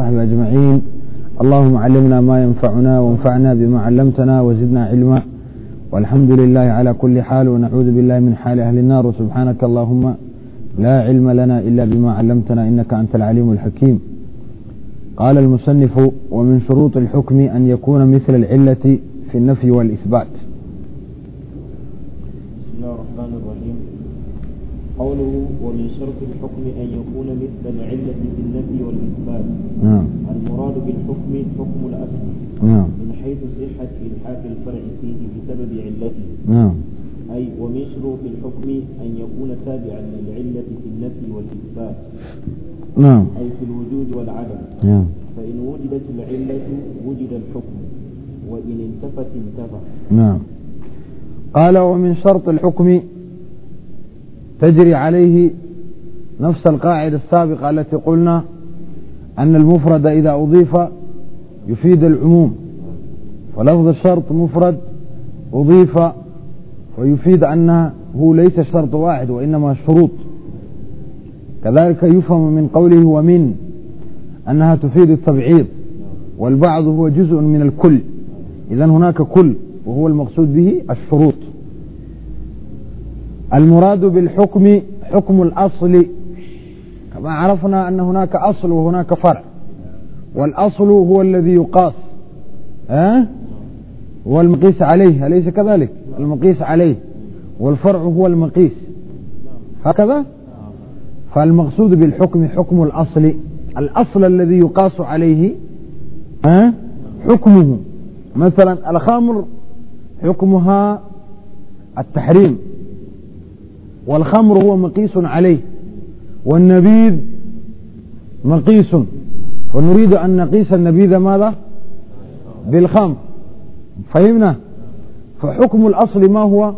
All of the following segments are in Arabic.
وصحبه أجمعين اللهم علمنا ما ينفعنا وانفعنا بما علمتنا وزدنا علما والحمد لله على كل حال ونعوذ بالله من حال أهل النار وسبحانك اللهم لا علم لنا إلا بما علمتنا إنك أنت العليم الحكيم قال المصنف ومن شروط الحكم أن يكون مثل العلة في النفي والإثبات قوله ومن شرط الحكم أن يكون مثل العلة في النفي والإثبات نعم المراد بالحكم حكم الأصل نعم من حيث صحة إلحاق الفرع فيه بسبب علته نعم أي ومن شروط الحكم أن يكون تابعا للعلة في النفي والإثبات نعم أي في الوجود والعدم نعم فإن وجدت العلة وجد الحكم وإن انتفت انتفى نعم قال ومن شرط الحكم تجري عليه نفس القاعدة السابقة التي قلنا أن المفرد إذا أضيف يفيد العموم فلفظ الشرط مفرد أضيف فيفيد أنه هو ليس شرط واحد وإنما شروط كذلك يفهم من قوله ومن أنها تفيد التبعيض والبعض هو جزء من الكل إذا هناك كل وهو المقصود به الشروط المراد بالحكم حكم الأصل كما عرفنا أن هناك أصل وهناك فرع والأصل هو الذي يقاس أه؟ والمقيس عليه أليس كذلك المقيس عليه والفرع هو المقيس هكذا فالمقصود بالحكم حكم الأصل الأصل الذي يقاس عليه أه؟ حكمه مثلا الخمر حكمها التحريم والخمر هو مقيس عليه والنبيذ مقيس فنريد أن نقيس النبيذ ماذا بالخمر فهمنا فحكم الأصل ما هو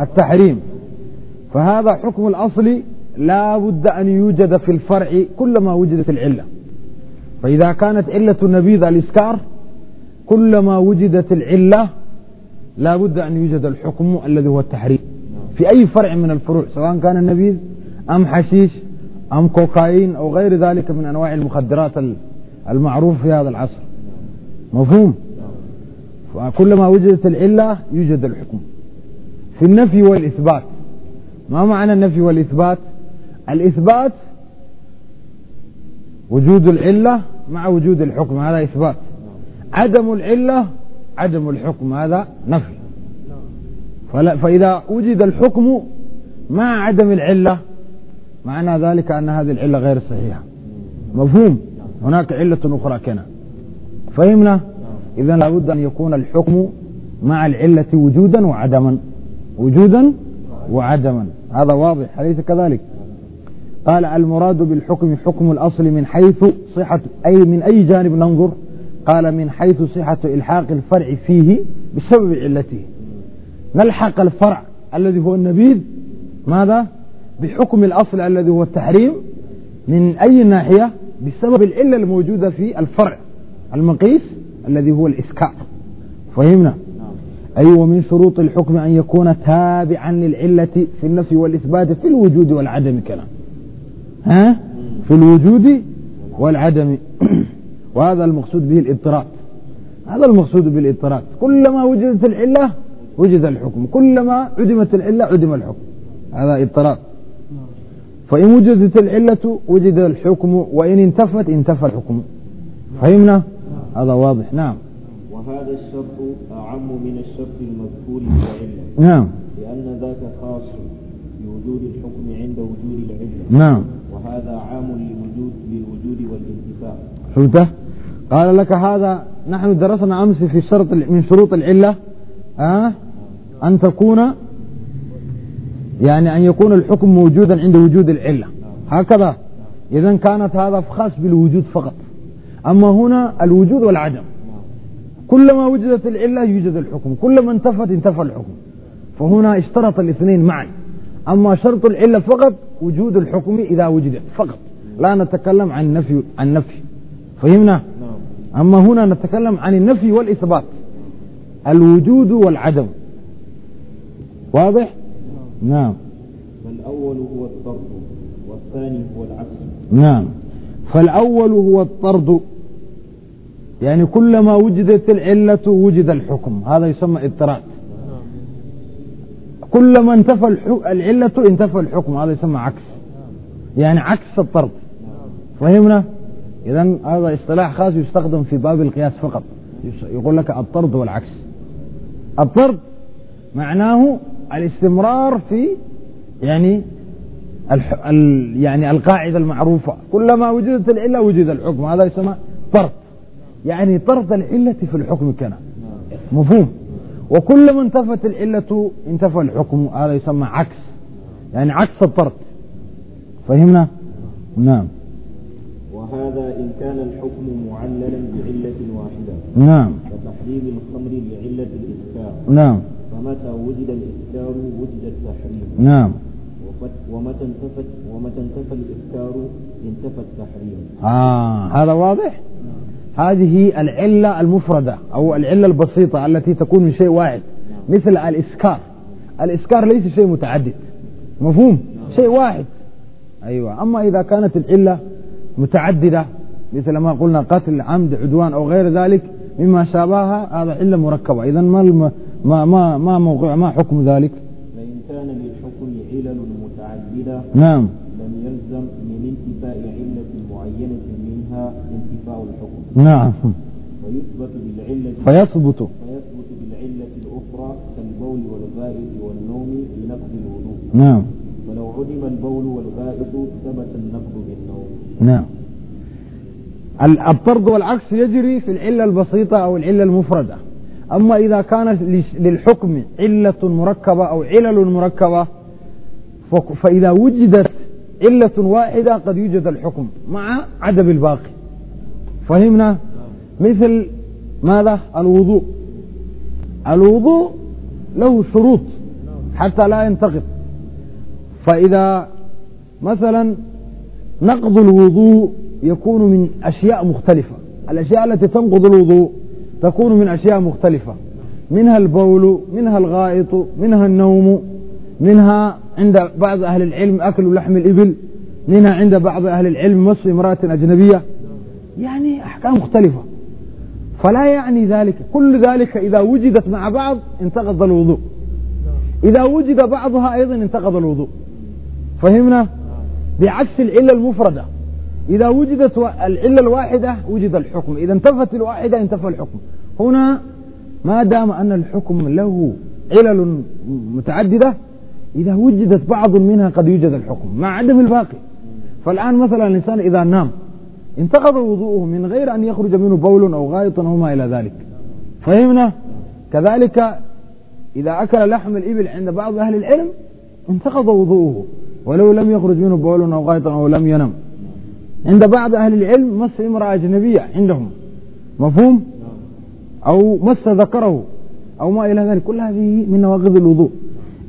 التحريم فهذا حكم الأصل لا بد أن يوجد في الفرع كلما وجدت العلة فإذا كانت علة النبيذ الإسكار كلما وجدت العلة لا بد أن يوجد الحكم الذي هو التحريم في أي فرع من الفروع سواء كان النبيذ أم حشيش أم كوكايين أو غير ذلك من أنواع المخدرات المعروف في هذا العصر مفهوم فكلما وجدت العلة يوجد الحكم في النفي والإثبات ما معنى النفي والإثبات الإثبات وجود العلة مع وجود الحكم هذا إثبات عدم العلة عدم الحكم هذا نفي فلا فإذا وجد الحكم مع عدم العلة معنى ذلك أن هذه العلة غير صحيحة مفهوم هناك علة أخرى كنا فهمنا إذا لابد أن يكون الحكم مع العلة وجودا وعدما وجودا وعدما هذا واضح أليس كذلك قال المراد بالحكم حكم الأصل من حيث صحة أي من أي جانب ننظر قال من حيث صحة إلحاق الفرع فيه بسبب علته نلحق الفرع الذي هو النبيذ ماذا بحكم الأصل الذي هو التحريم من أي ناحية بسبب العلة الموجودة في الفرع المقيس الذي هو الإسكاء فهمنا نعم. أي أيوة ومن شروط الحكم أن يكون تابعا للعلة في النفي والإثبات في الوجود والعدم كلام ها في الوجود والعدم وهذا المقصود به الاضطراد هذا المقصود بالاضطراد كلما وجدت العلة وجد الحكم كلما عدمت العلة عدم الحكم هذا اضطراب فإن وجدت العلة وجد الحكم وإن انتفت انتفى الحكم فهمنا؟ هذا واضح نعم وهذا الشرط أعم من الشرط المذكور بالعلة نعم لأن ذاك خاص بوجود الحكم عند وجود العلة نعم وهذا عام لوجود للوجود والانتفاء شفته؟ قال لك هذا نحن درسنا أمس في شرط من شروط العلة آه أن تكون يعني أن يكون الحكم موجودا عند وجود العلة هكذا إذا كانت هذا خاص بالوجود فقط أما هنا الوجود والعدم كلما وجدت العلة يوجد الحكم كلما انتفت انتفى الحكم فهنا اشترط الاثنين معا أما شرط العلة فقط وجود الحكم إذا وجدت فقط لا نتكلم عن نفي عن نفي فهمنا نعم. أما هنا نتكلم عن النفي والإثبات الوجود والعدم واضح نعم فالأول هو الطرد والثاني هو العكس نعم فالأول هو الطرد يعني كلما وجدت العلة وجد الحكم هذا يسمى اضطراد كلما انتفى العلة انتفى الحكم هذا يسمى عكس يعني عكس الطرد فهمنا إذا هذا اصطلاح خاص يستخدم في باب القياس فقط يقول لك الطرد والعكس الطرد معناه الاستمرار في يعني يعني القاعدة المعروفة كلما وجدت العلة وجد الحكم هذا يسمى طرد يعني طرد العلة في الحكم كان مفهوم وكلما انتفت العلة انتفى الحكم هذا يسمى عكس يعني عكس الطرد فهمنا نعم إن كان الحكم معللا بعلة واحدة نعم كتحريم الخمر لعلة الإسكار نعم فمتى وجد الإسكار وجد التحريم نعم ومتى انتفى ومتى انتفى الإسكار انتفى التحريم آه هذا واضح هذه العلة المفردة أو العلة البسيطة التي تكون من شيء واحد مثل الإسكار الإسكار ليس شيء متعدد مفهوم نعم. شيء واحد أيوة أما إذا كانت العلة متعددة مثل ما قلنا قتل عمد عدوان أو غير ذلك مما شابهها هذا علة مركبة إذا ما الم... ما ما ما موقع ما حكم ذلك؟ فإن كان للحكم علل متعددة نعم لم يلزم من انتفاء علة معينة منها انتفاء الحكم نعم فيثبت بالعلة فيثبت فيثبت بالعلة الأخرى كالبول والغائط والنوم لنقض الوضوء نعم ولو عدم البول والغائط ثبت النقض بالنوم نعم الطرد والعكس يجري في العلة البسيطة أو العلة المفردة أما إذا كان للحكم علة مركبة أو علل مركبة فإذا وجدت علة واحدة قد يوجد الحكم مع عدم الباقي فهمنا مثل ماذا الوضوء الوضوء له شروط حتى لا ينتقض فإذا مثلا نقض الوضوء يكون من أشياء مختلفة الأشياء التي تنقض الوضوء تكون من أشياء مختلفة منها البول منها الغائط منها النوم منها عند بعض أهل العلم أكل لحم الإبل منها عند بعض أهل العلم مصر امرأة أجنبية يعني أحكام مختلفة فلا يعني ذلك كل ذلك إذا وجدت مع بعض انتقض الوضوء إذا وجد بعضها أيضا انتقض الوضوء فهمنا بعكس العلة المفردة إذا وجدت العلة الواحدة وجد الحكم إذا انتفت الواحدة انتفى الحكم هنا ما دام أن الحكم له علل متعددة إذا وجدت بعض منها قد يوجد الحكم مع عدم الباقي فالآن مثلا الإنسان إذا نام انتقض وضوءه من غير أن يخرج منه بول أو غائط أو ما إلى ذلك فهمنا كذلك إذا أكل لحم الإبل عند بعض أهل العلم انتقض وضوءه ولو لم يخرج منه بول أو غائط أو لم ينم عند بعض أهل العلم مس امرأة أجنبية عندهم مفهوم أو مس ذكره أو ما إلى ذلك كل هذه من نواقض الوضوء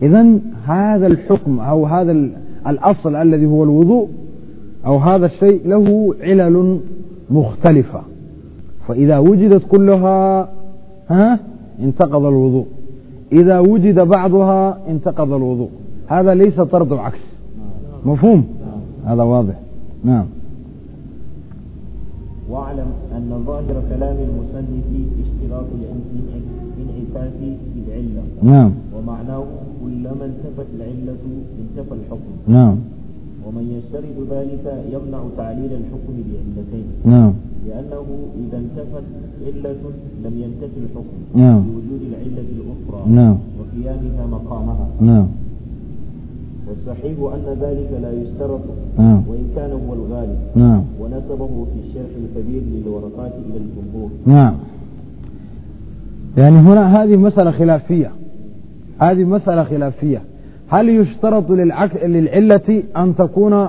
إذا هذا الحكم أو هذا الأصل الذي هو الوضوء أو هذا الشيء له علل مختلفة فإذا وجدت كلها ها انتقض الوضوء إذا وجد بعضها انتقض الوضوء هذا ليس طرد العكس مفهوم هذا واضح نعم واعلم أن ظاهر كلام المصنف اشتراط انعكاس العلة نعم ومعناه كلما انتفت العلة انتفى الحكم نعم ومن يشترط ذلك يمنع تعليل الحكم بعلتين نعم لأنه إذا انتفت علة لم ينتفي الحكم نعم بوجود العلة الأخرى نعم وقيامها مقامها نعم صحيح أن ذلك لا يشترط نعم وإن كان هو الغالب نعم ونسبه في الشرح الكبير للورقات إلى الجمهور نعم يعني هنا هذه مسألة خلافية هذه مسألة خلافية هل يشترط للعك... للعلة أن تكون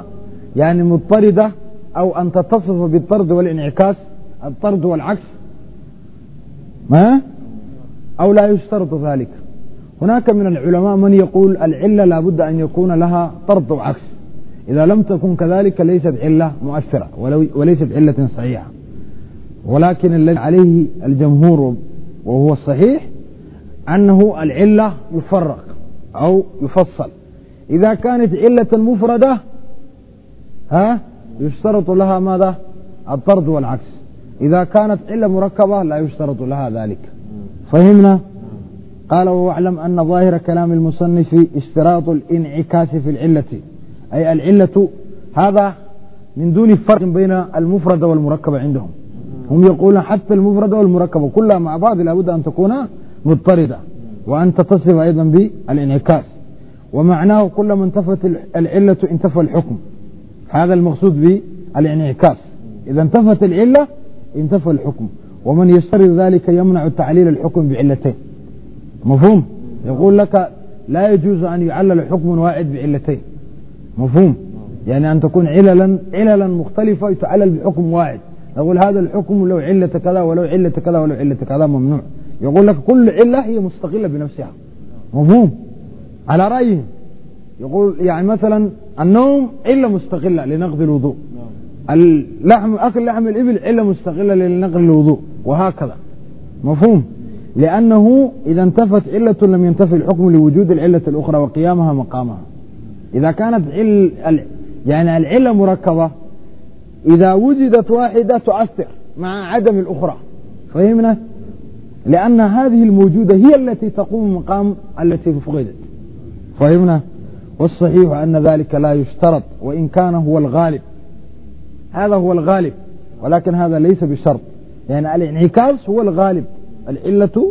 يعني مضطردة أو أن تتصف بالطرد والانعكاس الطرد والعكس ما أو لا يشترط ذلك هناك من العلماء من يقول العلة لابد أن يكون لها طرد وعكس إذا لم تكن كذلك ليست علة مؤثرة وليست علة صحيحة ولكن الذي عليه الجمهور وهو الصحيح أنه العلة يفرق أو يفصل إذا كانت علة مفردة ها يشترط لها ماذا الطرد والعكس إذا كانت علة مركبة لا يشترط لها ذلك فهمنا قال واعلم أن ظاهر كلام المصنف اشتراط الانعكاس في العلة أي العلة هذا من دون فرق بين المفرد والمركبة عندهم هم يقولون حتى المفرد والمركبة كلها مع بعض لابد أن تكون مضطردة وأن تتصف أيضا بالانعكاس ومعناه كلما انتفت العلة انتفى الحكم هذا المقصود بالانعكاس إذا انتفت العلة انتفى الحكم ومن يشترط ذلك يمنع تعليل الحكم بعلتين مفهوم يقول لك لا يجوز أن يعلل حكم واحد بعلتين مفهوم يعني أن تكون عللا عللا مختلفة تعلل بحكم واحد نقول هذا الحكم لو علة كذا ولو علة كذا ولو علة كذا ممنوع يقول لك كل علة هي مستقلة بنفسها مفهوم على رأيهم يقول يعني مثلا النوم علة مستقلة لنقض الوضوء اللحم أكل لحم الإبل علة مستقلة لنقل الوضوء وهكذا مفهوم لأنه إذا انتفت علة لم ينتفي الحكم لوجود العلة الأخرى وقيامها مقامها إذا كانت عل... يعني العلة مركبة إذا وجدت واحدة تؤثر مع عدم الأخرى فهمنا؟ لأن هذه الموجودة هي التي تقوم مقام التي فقدت فهمنا؟ والصحيح أن ذلك لا يشترط وإن كان هو الغالب هذا هو الغالب ولكن هذا ليس بشرط يعني الانعكاس هو الغالب العلة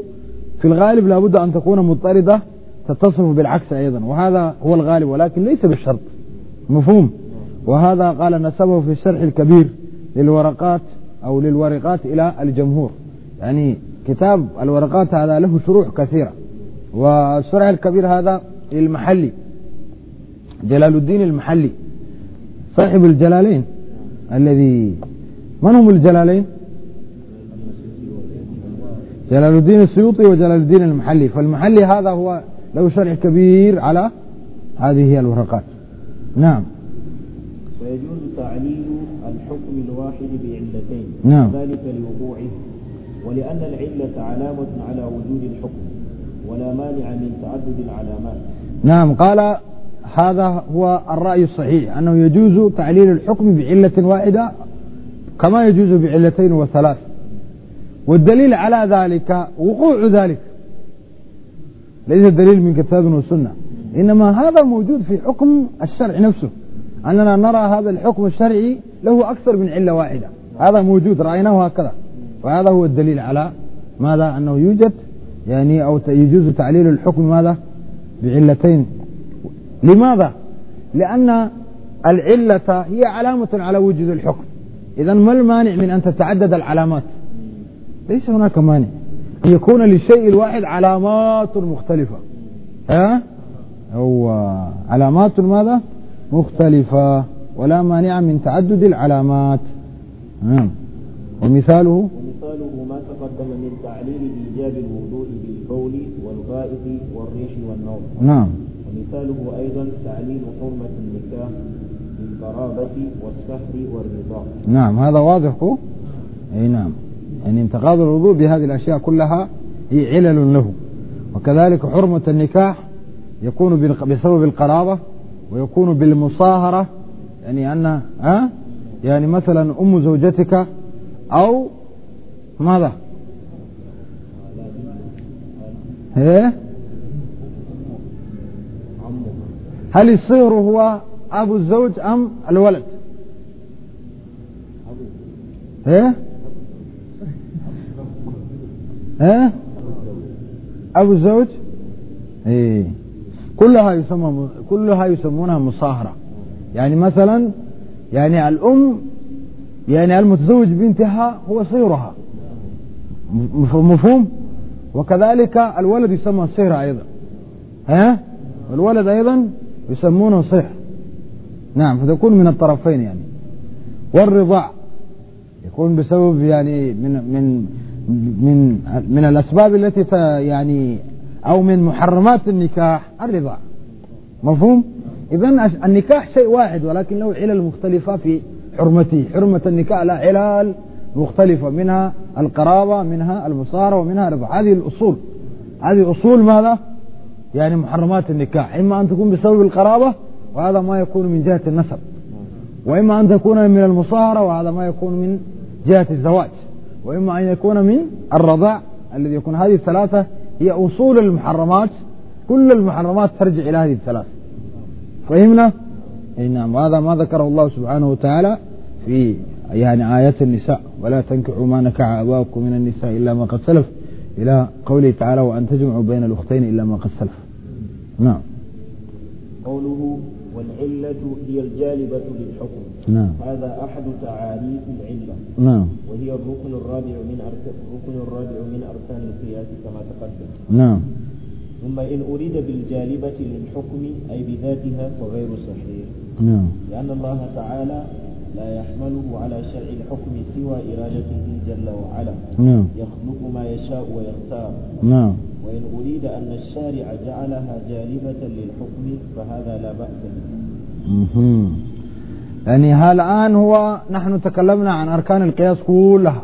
في الغالب لابد أن تكون مضطردة تتصف بالعكس أيضا وهذا هو الغالب ولكن ليس بالشرط مفهوم وهذا قال نسبه في الشرح الكبير للورقات أو للورقات إلى الجمهور يعني كتاب الورقات هذا له شروح كثيرة والشرح الكبير هذا للمحلي جلال الدين المحلي صاحب الجلالين الذي من هم الجلالين جلال الدين السيوطي وجلال الدين المحلي فالمحلي هذا هو له شرح كبير على هذه الورقات نعم ويجوز تعليل الحكم الواحد بعلتين نعم ذلك لوقوعه ولأن العلة علامة على وجود الحكم ولا مانع من تعدد العلامات نعم قال هذا هو الرأي الصحيح أنه يجوز تعليل الحكم بعلة واحدة كما يجوز بعلتين وثلاث والدليل على ذلك وقوع ذلك ليس دليل من كتاب وسنة إنما هذا موجود في حكم الشرع نفسه أننا نرى هذا الحكم الشرعي له أكثر من علة واحدة هذا موجود رأيناه هكذا وهذا هو الدليل على ماذا أنه يوجد يعني أو يجوز تعليل الحكم ماذا بعلتين لماذا لأن العلة هي علامة على وجود الحكم إذا ما المانع من أن تتعدد العلامات ليس هناك مانع أن يكون للشيء الواحد علامات مختلفة ها هو علامات ماذا مختلفة ولا مانع من تعدد العلامات نعم. ومثاله ومثاله ما تقدم من تعليل إيجاب الوضوء بالبول والغائط والريش والنوم نعم ومثاله أيضا تعليل حرمة النكاح بالقرابة والسحر والرضا نعم هذا واضح أي نعم يعني انتقاض الوضوء بهذه الأشياء كلها هي علل له وكذلك حرمة النكاح يكون بسبب القرابة ويكون بالمصاهرة يعني أن أه؟ يعني مثلا أم زوجتك أو ماذا إيه؟ هل الصغر هو أبو الزوج أم الولد إيه؟ ها أو الزوج إيه كلها يسمى كلها يسمونها مصاهرة يعني مثلا يعني الأم يعني المتزوج بنتها هو صهرها مفهوم وكذلك الولد يسمى صهر أيضا ها الولد أيضا يسمونه صهر نعم فتكون من الطرفين يعني والرضاع يكون بسبب يعني من من من من الأسباب التي يعني أو من محرمات النكاح الرضاع مفهوم؟ إذا النكاح شيء واحد ولكن له علل مختلفة في حرمته حرمة النكاح لها علل مختلفة منها القرابة منها المصارة ومنها الرضاع هذه الأصول هذه أصول ماذا؟ يعني محرمات النكاح إما أن تكون بسبب القرابة وهذا ما يكون من جهة النسب وإما أن تكون من المصارة وهذا ما يكون من جهة الزواج وإما أن يكون من الرضاع الذي يكون هذه الثلاثة هي أصول المحرمات كل المحرمات ترجع إلى هذه الثلاثة فهمنا؟ أي نعم وهذا ما ذكره الله سبحانه وتعالى في يعني آيات النساء ولا تنكحوا ما نكع آباؤكم من النساء إلا ما قد سلف إلى قوله تعالى وأن تجمعوا بين الأختين إلا ما قد سلف نعم قوله والعلة هي الجالبة للحكم نعم هذا أحد تعاريف العلة نعم وهي الركن الرابع من الركن الرابع من أركان القياس كما تقدم نعم ثم إن أريد بالجالبة للحكم أي بذاتها فغير صحيح نعم لأن الله تعالى لا يحمله على شرع الحكم سوى إرادته جل وعلا نعم يخلق ما يشاء ويختار نعم وإن أريد أن الشارع جعلها جالبة للحكم فهذا لا بأس به يعني الآن هو نحن تكلمنا عن أركان القياس كلها نعم.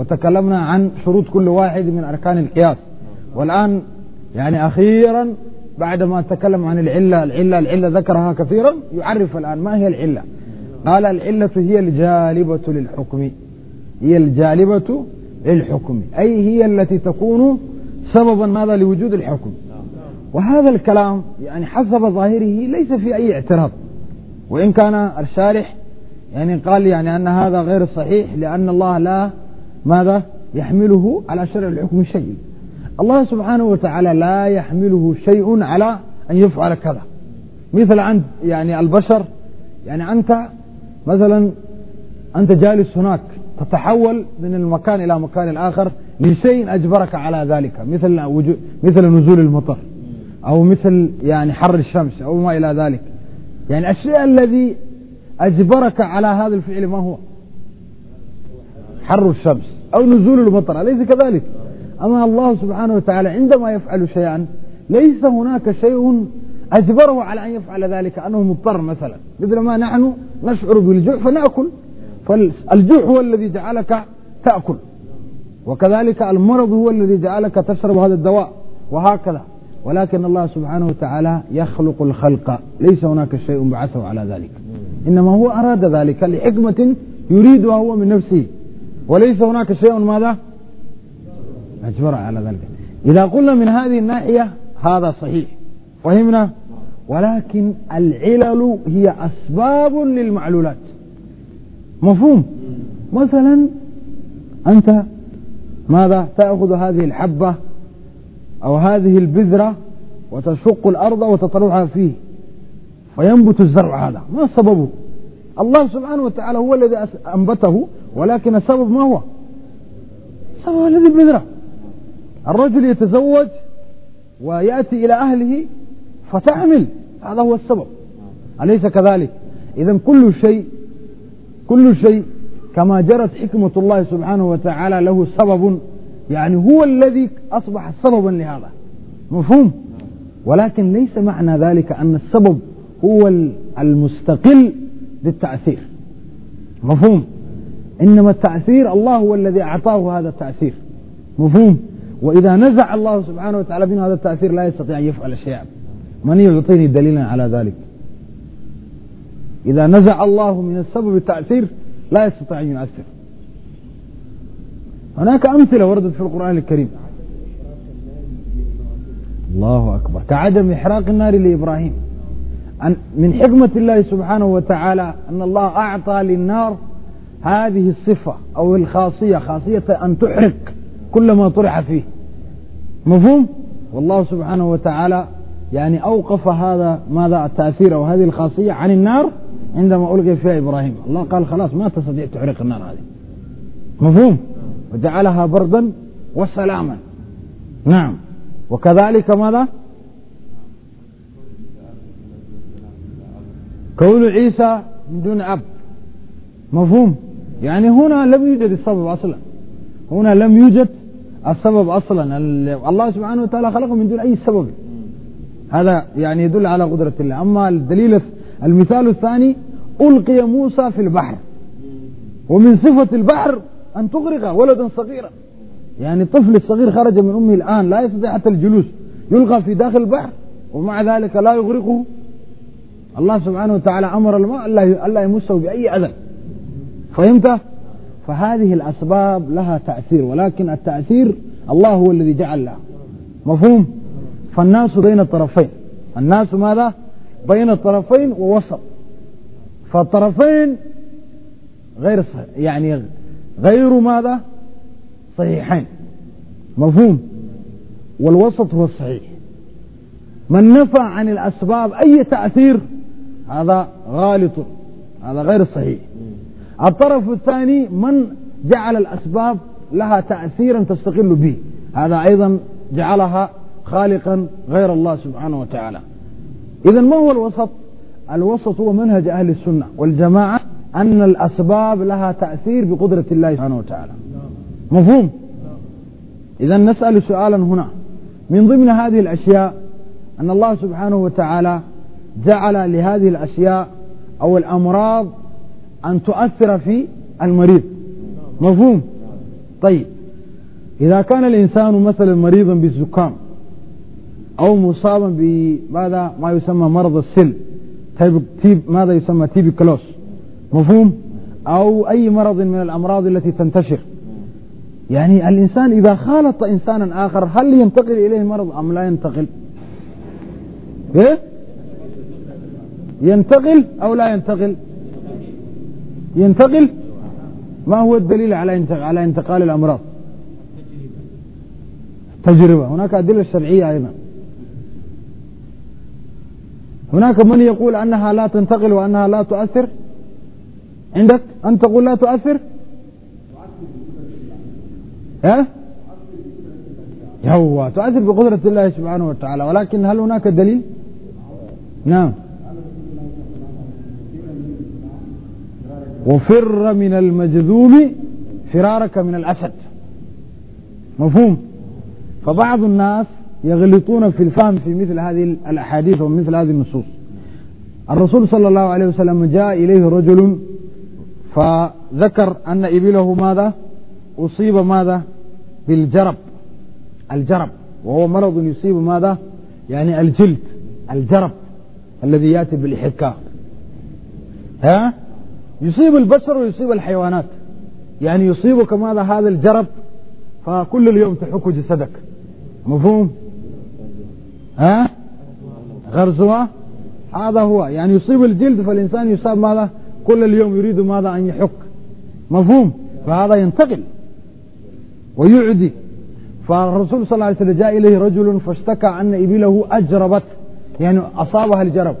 وتكلمنا عن شروط كل واحد من أركان القياس نعم. والآن يعني أخيرا بعد ما تكلم عن العلة العلة العلة ذكرها كثيرا يعرف الآن ما هي العلة نعم. قال العلة هي الجالبة للحكم هي الجالبة للحكم أي هي التي تكون سببا ماذا لوجود الحكم وهذا الكلام يعني حسب ظاهره ليس في أي اعتراض وإن كان الشارح يعني قال يعني أن هذا غير صحيح لأن الله لا ماذا يحمله على شرع الحكم شيء الله سبحانه وتعالى لا يحمله شيء على أن يفعل كذا مثل عند يعني البشر يعني أنت مثلا أنت جالس هناك تتحول من المكان إلى مكان الآخر لشيء أجبرك على ذلك مثل مثل نزول المطر أو مثل يعني حر الشمس أو ما إلى ذلك يعني الشيء الذي أجبرك على هذا الفعل ما هو حر الشمس أو نزول المطر أليس كذلك أما الله سبحانه وتعالى عندما يفعل شيئا ليس هناك شيء أجبره على أن يفعل ذلك أنه مضطر مثلا مثل ما نحن نشعر بالجوع فنأكل فالجوع هو الذي جعلك تأكل وكذلك المرض هو الذي جعلك تشرب هذا الدواء وهكذا ولكن الله سبحانه وتعالى يخلق الخلق ليس هناك شيء بعثه على ذلك إنما هو أراد ذلك لحكمة يريدها هو من نفسه وليس هناك شيء ماذا أجبر على ذلك إذا قلنا من هذه الناحية هذا صحيح فهمنا ولكن العلل هي أسباب للمعلولات مفهوم مثلا أنت ماذا تأخذ هذه الحبة أو هذه البذرة وتشق الأرض وتطلعها فيه فينبت الزرع هذا ما سببه الله سبحانه وتعالى هو الذي أنبته ولكن السبب ما هو سبب هذه البذرة الرجل يتزوج ويأتي إلى أهله فتعمل هذا هو السبب أليس كذلك إذا كل شيء كل شيء كما جرت حكمة الله سبحانه وتعالى له سبب يعني هو الذي أصبح سببا لهذا مفهوم ولكن ليس معنى ذلك أن السبب هو المستقل للتأثير مفهوم إنما التأثير الله هو الذي أعطاه هذا التأثير مفهوم وإذا نزع الله سبحانه وتعالى منه هذا التأثير لا يستطيع أن يفعل شيئا من يعطيني دليلا على ذلك إذا نزع الله من السبب التأثير لا يستطيع أن يؤثر هناك أمثلة وردت في القرآن الكريم الله أكبر كعدم إحراق النار لإبراهيم أن من حكمة الله سبحانه وتعالى أن الله أعطى للنار هذه الصفة أو الخاصية خاصية أن تحرق كل ما طرح فيه مفهوم؟ والله سبحانه وتعالى يعني أوقف هذا ماذا التأثير أو هذه الخاصية عن النار عندما ألقي فيها إبراهيم الله قال خلاص ما تستطيع تحرق النار هذه مفهوم وجعلها بردا وسلاما نعم وكذلك ماذا كون عيسى من دون أب مفهوم يعني هنا لم يوجد السبب أصلا هنا لم يوجد السبب أصلا الله سبحانه وتعالى خلقه من دون أي سبب هذا يعني يدل على قدرة الله أما الدليل المثال الثاني ألقي موسى في البحر ومن صفة البحر أن تغرق ولدا صغيرا يعني الطفل الصغير خرج من أمه الآن لا يستطيع حتى الجلوس يلقى في داخل البحر ومع ذلك لا يغرقه الله سبحانه وتعالى أمر الماء ألا يمسه بأي أذى فهمت؟ فهذه الأسباب لها تأثير ولكن التأثير الله هو الذي جعل له مفهوم؟ فالناس بين الطرفين الناس ماذا؟ بين الطرفين ووسط فالطرفين غير صحيح يعني غير ماذا صحيحين مفهوم والوسط هو الصحيح من نفى عن الأسباب أي تأثير هذا غالط هذا غير صحيح الطرف الثاني من جعل الأسباب لها تأثيرا تستقل به هذا أيضا جعلها خالقا غير الله سبحانه وتعالى إذا ما هو الوسط الوسط هو منهج أهل السنة والجماعة أن الأسباب لها تأثير بقدرة الله سبحانه وتعالى مفهوم إذا نسأل سؤالا هنا من ضمن هذه الأشياء أن الله سبحانه وتعالى جعل لهذه الأشياء أو الأمراض أن تؤثر في المريض مفهوم طيب إذا كان الإنسان مثلا مريضا بالزكام أو مصابا بماذا ما يسمى مرض السل تيب تيب ماذا يسمى تيبي كلوس مفهوم أو أي مرض من الأمراض التي تنتشر يعني الإنسان إذا خالط إنسانا آخر هل ينتقل إليه مرض أم لا ينتقل إيه؟ ينتقل أو لا ينتقل ينتقل ما هو الدليل على على انتقال الأمراض تجربة هناك أدلة شرعية أيضا هناك من يقول أنها لا تنتقل وأنها لا تؤثر عندك أن تقول لا تؤثر ها هو تؤثر بقدرة الله سبحانه وتعالى ولكن هل هناك دليل نعم وفر من المجذوم فرارك من الأسد مفهوم فبعض الناس يغلطون في الفهم في مثل هذه الأحاديث ومثل هذه النصوص الرسول صلى الله عليه وسلم جاء إليه رجل فذكر أن إبله ماذا أصيب ماذا بالجرب الجرب وهو مرض يصيب ماذا يعني الجلد الجرب الذي يأتي بالإحكاء ها يصيب البشر ويصيب الحيوانات يعني يصيبك ماذا هذا الجرب فكل اليوم تحك جسدك مفهوم ها غرزوة هذا هو يعني يصيب الجلد فالإنسان يصاب ماذا كل اليوم يريد ماذا أن يحك مفهوم فهذا ينتقل ويعدي فالرسول صلى الله عليه وسلم جاء إليه رجل فاشتكى أن إبله أجربت يعني أصابها الجرب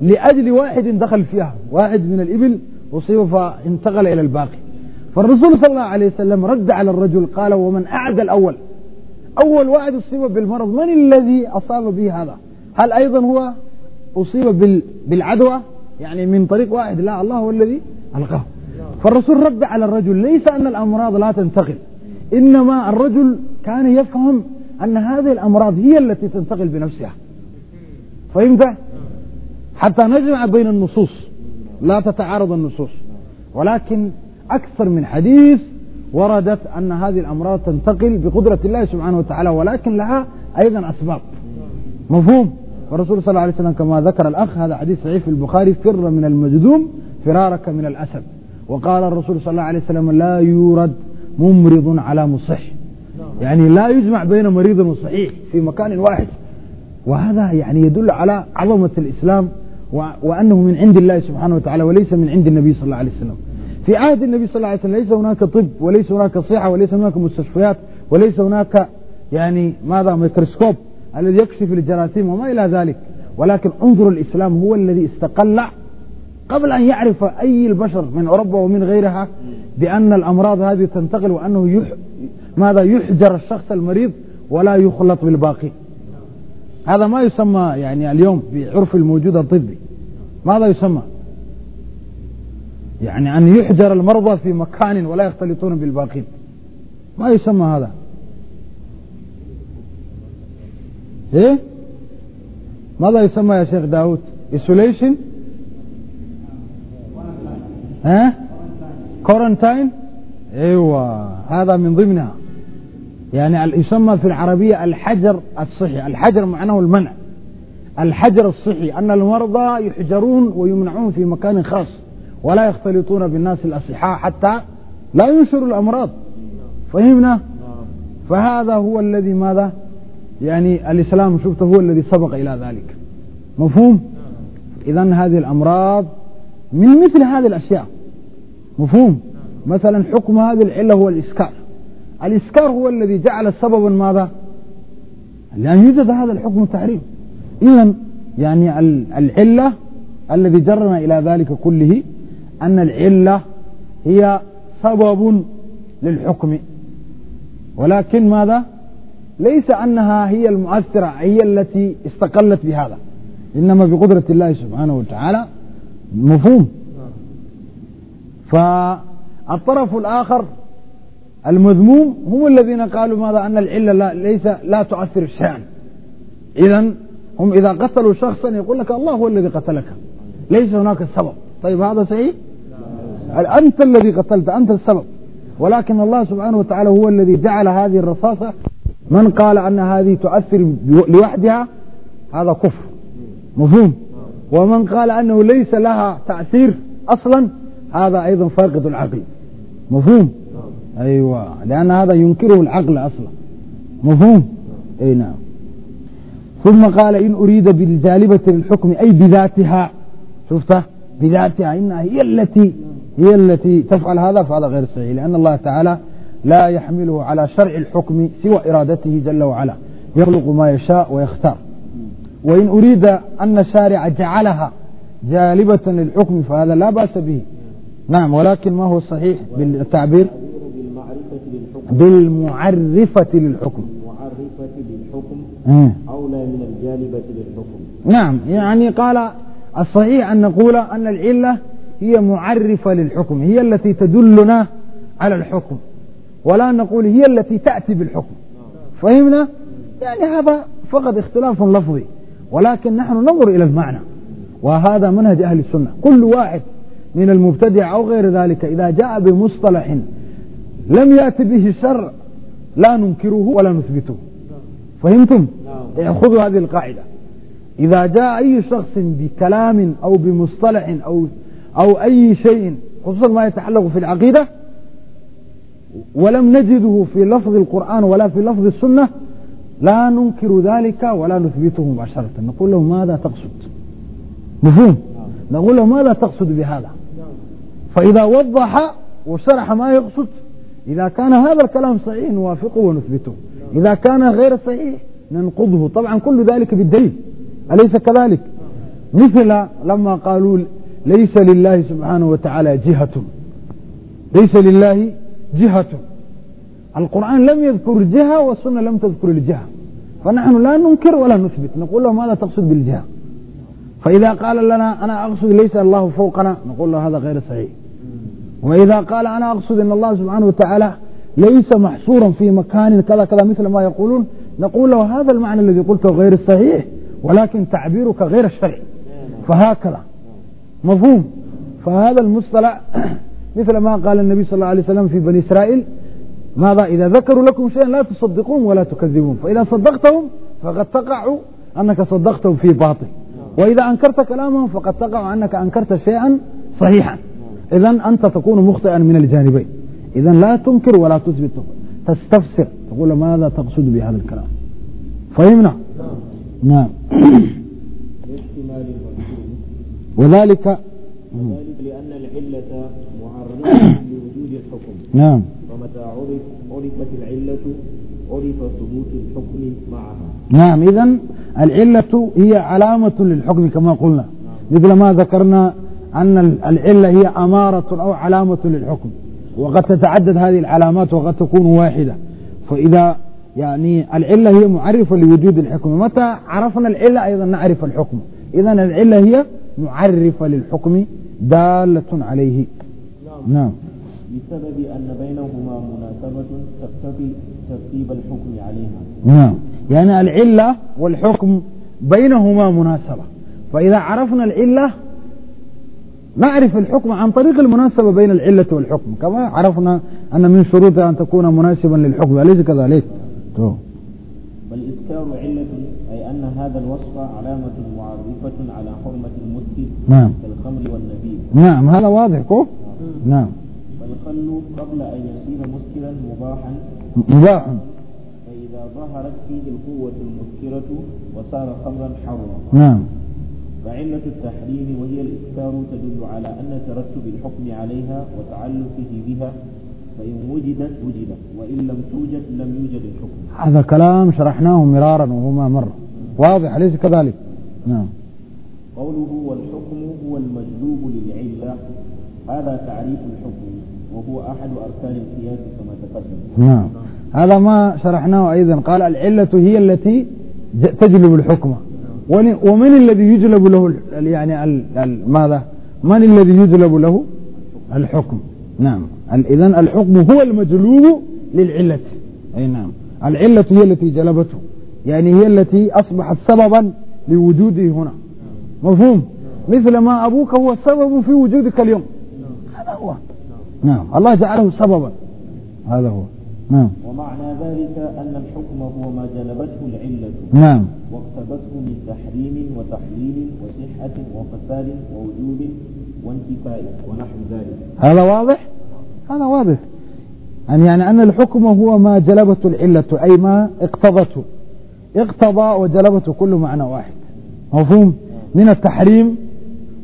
لأجل واحد دخل فيها واحد من الإبل أصيب فانتقل إلى الباقي فالرسول صلى الله عليه وسلم رد على الرجل قال ومن أعدى الأول أول واحد أصيب بالمرض من الذي أصاب به هذا هل أيضا هو أصيب بالعدوى يعني من طريق واحد لا الله هو الذي ألقاه فالرسول رد على الرجل ليس أن الأمراض لا تنتقل إنما الرجل كان يفهم أن هذه الأمراض هي التي تنتقل بنفسها فهمت؟ حتى نجمع بين النصوص لا تتعارض النصوص ولكن أكثر من حديث وردت أن هذه الأمراض تنتقل بقدرة الله سبحانه وتعالى ولكن لها أيضا أسباب مفهوم والرسول صلى الله عليه وسلم كما ذكر الأخ هذا حديث صحيح في البخاري فر من المجذوم فرارك من الأسد وقال الرسول صلى الله عليه وسلم لا يورد ممرض على مصح يعني لا يجمع بين مريض وصحيح في مكان واحد وهذا يعني يدل على عظمة الإسلام وأنه من عند الله سبحانه وتعالى وليس من عند النبي صلى الله عليه وسلم في عهد النبي صلى الله عليه وسلم ليس هناك طب وليس هناك صحة وليس هناك مستشفيات وليس هناك يعني ماذا ميكروسكوب الذي يكشف الجراثيم وما إلى ذلك ولكن انظر الإسلام هو الذي استقل قبل أن يعرف أي البشر من أوروبا ومن غيرها بأن الأمراض هذه تنتقل وأنه يح... ماذا يحجر الشخص المريض ولا يخلط بالباقي هذا ما يسمى يعني اليوم بعرف الموجود الطبي ماذا يسمى يعني أن يحجر المرضى في مكان ولا يختلطون بالباقين ما يسمى هذا إيه ماذا يسمى يا شيخ داود إسوليشن ها كورنتاين ايوه هذا من ضمنها يعني يسمى في العربية الحجر الصحي الحجر معناه المنع الحجر الصحي أن المرضى يحجرون ويمنعون في مكان خاص ولا يختلطون بالناس الأصحاء حتى لا ينشروا الأمراض فهمنا فهذا هو الذي ماذا يعني الإسلام شفته هو الذي سبق إلى ذلك مفهوم إذا هذه الأمراض من مثل هذه الأشياء مفهوم مثلا حكم هذه العلة هو الإسكار الإسكار هو الذي جعل سببا ماذا لأن يوجد هذا الحكم التحريم إذا يعني العلة الذي جرنا إلى ذلك كله أن العلة هي سبب للحكم ولكن ماذا ليس أنها هي المؤثرة هي التي استقلت بهذا إنما بقدرة الله سبحانه وتعالى مفهوم فالطرف الآخر المذموم هم الذين قالوا ماذا أن العلة لا ليس لا تؤثر شيئا إذا هم إذا قتلوا شخصا يقول لك الله هو الذي قتلك ليس هناك سبب طيب هذا صحيح أنت الذي قتلت أنت السبب ولكن الله سبحانه وتعالى هو الذي جعل هذه الرصاصة من قال أن هذه تؤثر لوحدها هذا كفر مفهوم ومن قال أنه ليس لها تأثير أصلا هذا أيضا فاقد العقل مفهوم أيوة لأن هذا ينكره العقل أصلا مفهوم أي نعم ثم قال إن أريد بالجالبة للحكم أي بذاتها شفتها بذاتها إنها هي التي هي التي تفعل هذا فهذا غير صحيح لأن الله تعالى لا يحمله على شرع الحكم سوى إرادته جل وعلا يخلق ما يشاء ويختار وإن أريد أن الشارع جعلها جالبة للحكم فهذا لا بأس به نعم ولكن ما هو الصحيح بالتعبير بالمعرفة للحكم بالمعرفة للحكم أولى من الجالبة للحكم نعم يعني قال الصحيح أن نقول أن العلة هي معرفة للحكم هي التي تدلنا على الحكم ولا نقول هي التي تأتي بالحكم فهمنا؟ يعني هذا فقط اختلاف لفظي ولكن نحن ننظر إلى المعنى وهذا منهج أهل السنة كل واحد من المبتدع أو غير ذلك إذا جاء بمصطلح لم يأتي به الشرع لا ننكره ولا نثبته فهمتم؟ خذوا هذه القاعدة إذا جاء أي شخص بكلام أو بمصطلح أو أو أي شيء خصوصا ما يتعلق في العقيدة ولم نجده في لفظ القرآن ولا في لفظ السنة لا ننكر ذلك ولا نثبته مباشرة نقول له ماذا تقصد مفهوم نقول له ماذا تقصد بهذا فإذا وضح وشرح ما يقصد إذا كان هذا الكلام صحيح نوافقه ونثبته إذا كان غير صحيح ننقضه طبعا كل ذلك بالدليل أليس كذلك مثل لما قالوا ليس لله سبحانه وتعالى جهة ليس لله جهة القرآن لم يذكر جهة والسنة لم تذكر الجهة فنحن لا ننكر ولا نثبت نقول له ماذا تقصد بالجهة فإذا قال لنا أنا أقصد ليس الله فوقنا نقول له هذا غير صحيح وإذا قال أنا أقصد أن الله سبحانه وتعالى ليس محصورا في مكان كذا كذا مثل ما يقولون نقول له هذا المعنى الذي قلته غير صحيح ولكن تعبيرك غير الشرعي فهكذا مفهوم فهذا المصطلح مثل ما قال النبي صلى الله عليه وسلم في بني إسرائيل ماذا إذا ذكروا لكم شيئا لا تصدقون ولا تكذبون فإذا صدقتهم فقد تقع أنك صدقتهم في باطل وإذا أنكرت كلامهم فقد تقع أنك أنكرت شيئا صحيحا إذا أنت تكون مخطئا من الجانبين إذا لا تنكر ولا تثبت تستفسر تقول ماذا تقصد بهذا الكلام فهمنا نعم وذلك وذلك لأن العلة معرضة لوجود الحكم نعم فمتى عرف عرفت العلة عرف ثبوت الحكم معها نعم إذا العلة هي علامة للحكم كما قلنا نعم. مثل ما ذكرنا أن العلة هي أمارة أو علامة للحكم وقد تتعدد هذه العلامات وقد تكون واحدة فإذا يعني العلة هي معرفة لوجود الحكم متى عرفنا العلة أيضا نعرف الحكم إذا العلة هي معرفة للحكم دالة عليه نعم, نعم. بسبب أن بينهما مناسبة تقتضي ترتيب الحكم عليها نعم يعني العلة والحكم بينهما مناسبة فإذا عرفنا العلة نعرف الحكم عن طريق المناسبة بين العلة والحكم كما عرفنا أن من شروطها أن تكون مناسبا للحكم أليس كذلك؟ بل إذكار علة أي أن هذا الوصف علامة معرفة على حرمة نعم كالخمر والنبيذ نعم هذا واضح كو آه. نعم والخل قبل أن يصير مسكرا مباحا مباحا فإذا ظهرت فيه القوة المسكرة وصار خمرا حرا نعم فعلة التحريم وهي الإسكار تدل على أن ترتب الحكم عليها وتعلقه بها فإن وجدت وجدت وإن لم توجد لم يوجد الحكم هذا كلام شرحناه مرارا وهما مر واضح أليس كذلك نعم قوله والحكم هو المجلوب للعلة هذا تعريف الحكم وهو أحد أركان القياس كما تقدم نعم هذا ما شرحناه أيضا قال العلة هي التي تجلب الحكم ومن الذي يجلب له يعني ماذا من الذي يجلب له الحكم نعم إذا الحكم هو المجلوب للعلة أي نعم العلة هي التي جلبته يعني هي التي أصبحت سببا لوجوده هنا مفهوم مثل ما أبوك هو السبب في وجودك اليوم هذا هو نعم الله جعله سببا هذا هو نعم ومعنى ذلك أن الحكم هو ما جلبته العلة نعم واقتبته من تحريم وتحليل وصحة وفساد ووجود وانتفاء ونحو ذلك هذا واضح؟ هذا واضح أن يعني-, يعني أن الحكم هو ما جلبته العلة أي ما اقتضته اقتضى وجلبته كل معنى واحد مفهوم؟ من التحريم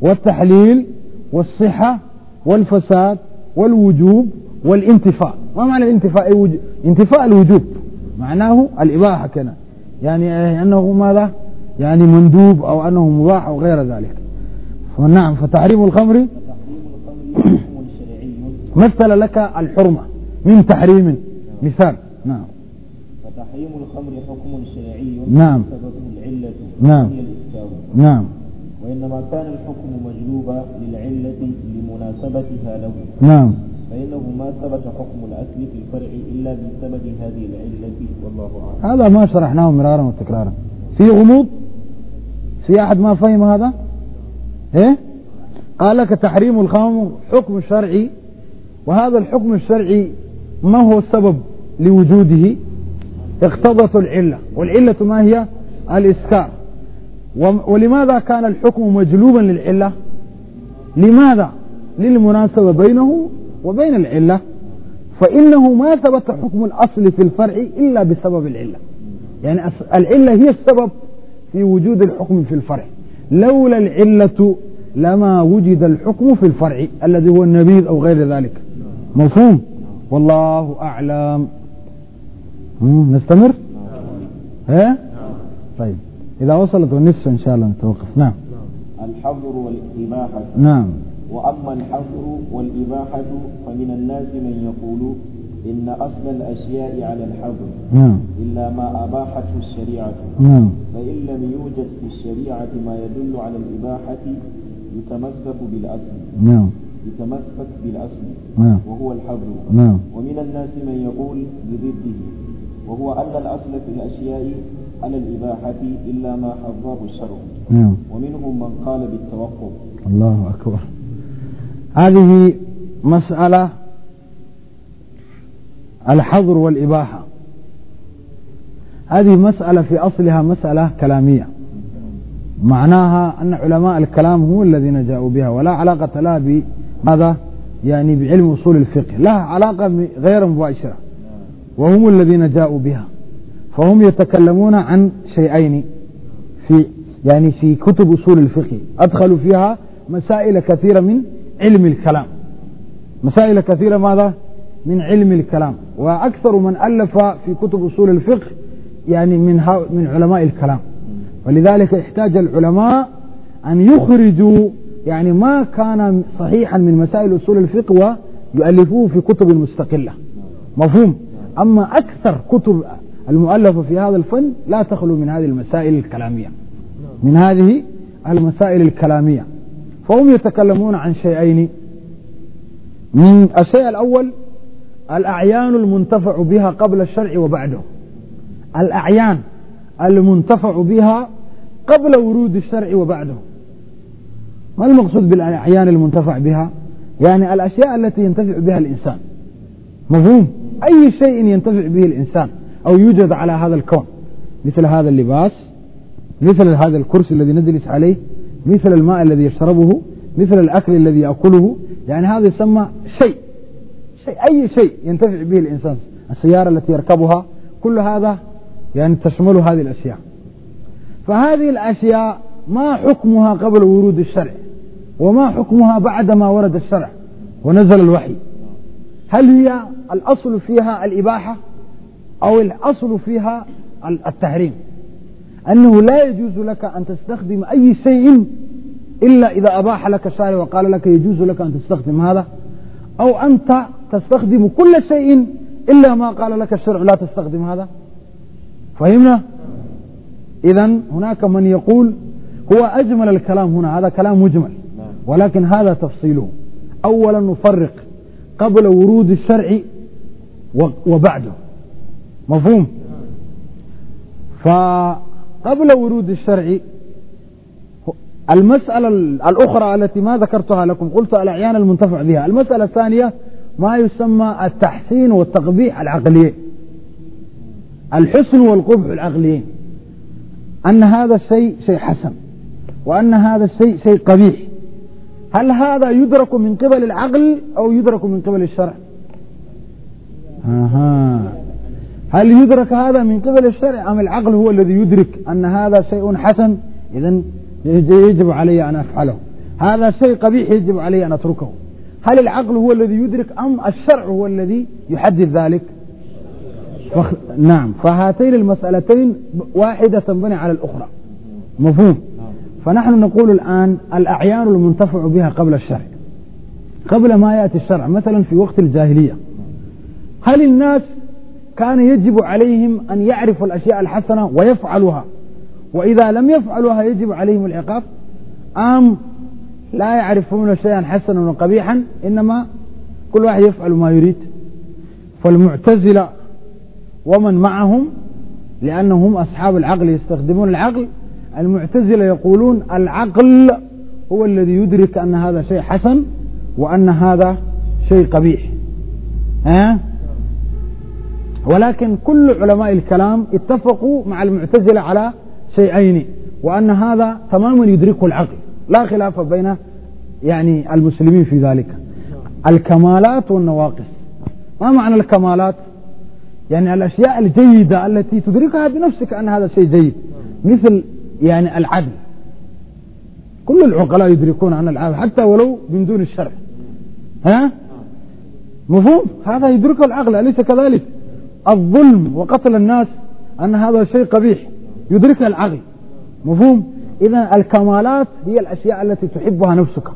والتحليل والصحة والفساد والوجوب والانتفاء ما معنى الانتفاء انتفاء الوجوب معناه الإباحة كنا يعني إيه؟ أنه ماذا يعني مندوب أو أنه مباح أو غير ذلك فنعم فتحريم الخمر مثل لك الحرمة من تحريم مثال نعم فتحريم الخمر حكم شرعي نعم سببه العلة نعم نعم وإنما كان الحكم مجلوبا للعلة لمناسبتها له نعم فإنه ما ثبت حكم الأصل في الفرع إلا بسبب هذه العلة والله أعلم هذا ما شرحناه مرارا وتكرارا في غموض في أحد ما فهم هذا إيه قال لك تحريم الخمر حكم شرعي وهذا الحكم الشرعي ما هو السبب لوجوده اقتضت العلة والعلة ما هي الإسكار ولماذا كان الحكم مجلوبا للعلة لماذا للمناسبة بينه وبين العلة فإنه ما ثبت حكم الأصل في الفرع إلا بسبب العلة يعني العلة هي السبب في وجود الحكم في الفرع لولا العلة لما وجد الحكم في الفرع الذي هو النبيذ أو غير ذلك مفهوم والله أعلم نستمر ها طيب إذا وصلت ونفسه إن شاء الله نتوقف نعم الحظر والإباحة نعم وأما الحظر والإباحة فمن الناس من يقول إن أصل الأشياء على الحظر نعم إلا ما أباحته الشريعة نعم فإن لم يوجد في الشريعة ما يدل على الإباحة يتمسك بالأصل نعم يتمسك بالأصل نعم وهو الحظر نعم ومن الناس من يقول بضده وهو أن الأصل في الأشياء على الإباحة إلا ما حظاه الشرع نعم ومنهم من قال بالتوقف الله أكبر هذه مسألة الحظر والإباحة هذه مسألة في أصلها مسألة كلامية معناها أن علماء الكلام هم الذين جاءوا بها ولا علاقة لها بماذا يعني بعلم أصول الفقه لها علاقة غير مباشرة وهم الذين جاءوا بها فهم يتكلمون عن شيئين في يعني في كتب أصول الفقه أدخلوا فيها مسائل كثيرة من علم الكلام مسائل كثيرة ماذا من علم الكلام وأكثر من ألف في كتب أصول الفقه يعني من من علماء الكلام ولذلك احتاج العلماء أن يخرجوا يعني ما كان صحيحا من مسائل أصول الفقه ويؤلفوه في كتب مستقلة مفهوم أما أكثر كتب المؤلفة في هذا الفن لا تخلو من هذه المسائل الكلامية من هذه المسائل الكلامية فهم يتكلمون عن شيئين من الشيء الأول الأعيان المنتفع بها قبل الشرع وبعده الأعيان المنتفع بها قبل ورود الشرع وبعده ما المقصود بالأعيان المنتفع بها يعني الأشياء التي ينتفع بها الإنسان مفهوم أي شيء ينتفع به الإنسان أو يوجد على هذا الكون مثل هذا اللباس مثل هذا الكرسي الذي نجلس عليه مثل الماء الذي يشربه مثل الأكل الذي يأكله يعني هذا يسمى شيء شيء أي شيء ينتفع به الإنسان السيارة التي يركبها كل هذا يعني تشمل هذه الأشياء فهذه الأشياء ما حكمها قبل ورود الشرع وما حكمها بعدما ورد الشرع ونزل الوحي هل هي الأصل فيها الإباحة أو الأصل فيها التحريم أنه لا يجوز لك أن تستخدم أي شيء إلا إذا أباح لك الشارع وقال لك يجوز لك أن تستخدم هذا أو أنت تستخدم كل شيء إلا ما قال لك الشرع لا تستخدم هذا فهمنا إذا هناك من يقول هو أجمل الكلام هنا هذا كلام مجمل نعم. ولكن هذا تفصيله أولا نفرق قبل ورود الشرع وبعده مفهوم فقبل ورود الشرع المسألة الأخرى التي ما ذكرتها لكم قلت الأعيان المنتفع بها المسألة الثانية ما يسمى التحسين والتقبيح العقلي الحسن والقبح العقلي أن هذا الشيء شيء حسن وأن هذا الشيء شيء قبيح هل هذا يدرك من قبل العقل أو يدرك من قبل الشرع؟ أها هل يدرك هذا من قبل الشرع أم العقل هو الذي يدرك أن هذا شيء حسن إذا يجب علي أن أفعله هذا شيء قبيح يجب علي أن أتركه هل العقل هو الذي يدرك أم الشرع هو الذي يحدد ذلك فخ... نعم فهاتين المسألتين واحدة تنبني على الأخرى مفهوم فنحن نقول الآن الأعيان المنتفع بها قبل الشرع قبل ما يأتي الشرع مثلا في وقت الجاهلية هل الناس kana yajibu calayhim an yacrifu alashyaء alxasana wayafcaluha waإida lam yafcaluha yajibu calayhim alciqaab am laa yacrifuuna shayئa xasana qabiixa inama kul waxad yafcalu ma yuriid faاlmuctazila wman macahum لأnhm asxaabu اlcaql yastakdimuuna اlcaql almuctazila yaquuluun alcaql huwa aladii yudrik ana hada shay xasan wa ana hada shay qabiix ولكن كل علماء الكلام اتفقوا مع المعتزلة على شيئين وأن هذا تماما يدركه العقل لا خلاف بين يعني المسلمين في ذلك الكمالات والنواقص ما معنى الكمالات يعني الأشياء الجيدة التي تدركها بنفسك أن هذا شيء جيد مثل يعني العدل كل العقلاء يدركون أن العدل حتى ولو من دون الشرع ها مفهوم هذا يدركه العقل أليس كذلك الظلم وقتل الناس أن هذا شيء قبيح يدركها العقل مفهوم إذا الكمالات هي الأشياء التي تحبها نفسك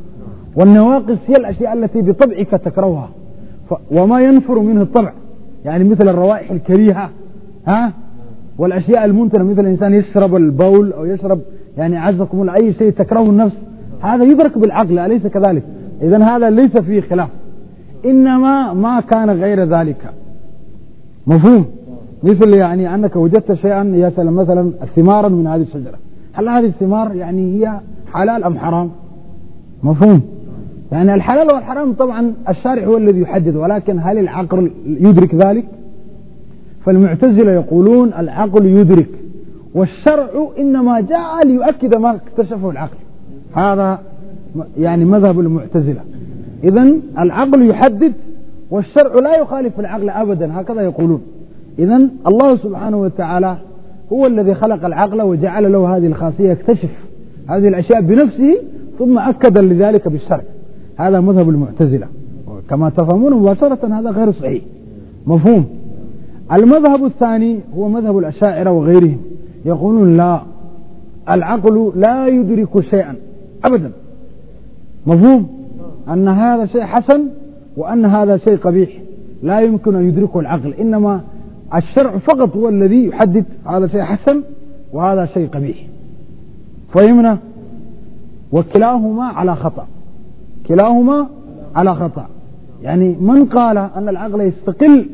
والنواقص هي الأشياء التي بطبعك تكرهها وما ينفر منه الطبع يعني مثل الروائح الكريهة ها والأشياء المنتنة مثل الإنسان يشرب البول أو يشرب يعني عزكم الله أي شيء تكرهه النفس هذا يدرك بالعقل أليس كذلك إذا هذا ليس فيه خلاف إنما ما كان غير ذلك مفهوم مثل يعني أنك وجدت شيئا مثلا مثلا ثمارا من هذه الشجرة هل هذه الثمار يعني هي حلال أم حرام مفهوم يعني الحلال والحرام طبعا الشارع هو الذي يحدد ولكن هل العقل يدرك ذلك فالمعتزلة يقولون العقل يدرك والشرع إنما جاء ليؤكد ما اكتشفه العقل هذا يعني مذهب المعتزلة إذا العقل يحدد والشرع لا يخالف العقل أبدا هكذا يقولون إذا الله سبحانه وتعالى هو الذي خلق العقل وجعل له هذه الخاصية يكتشف هذه الأشياء بنفسه ثم أكد لذلك بالشرع هذا مذهب المعتزلة كما تفهمون مباشرة هذا غير صحيح مفهوم المذهب الثاني هو مذهب الأشاعرة وغيرهم يقولون لا العقل لا يدرك شيئا أبدا مفهوم أن هذا شيء حسن وأن هذا شيء قبيح لا يمكن أن يدركه العقل إنما الشرع فقط هو الذي يحدد هذا شيء حسن وهذا شيء قبيح فهمنا وكلاهما على خطأ كلاهما على خطأ يعني من قال أن العقل يستقل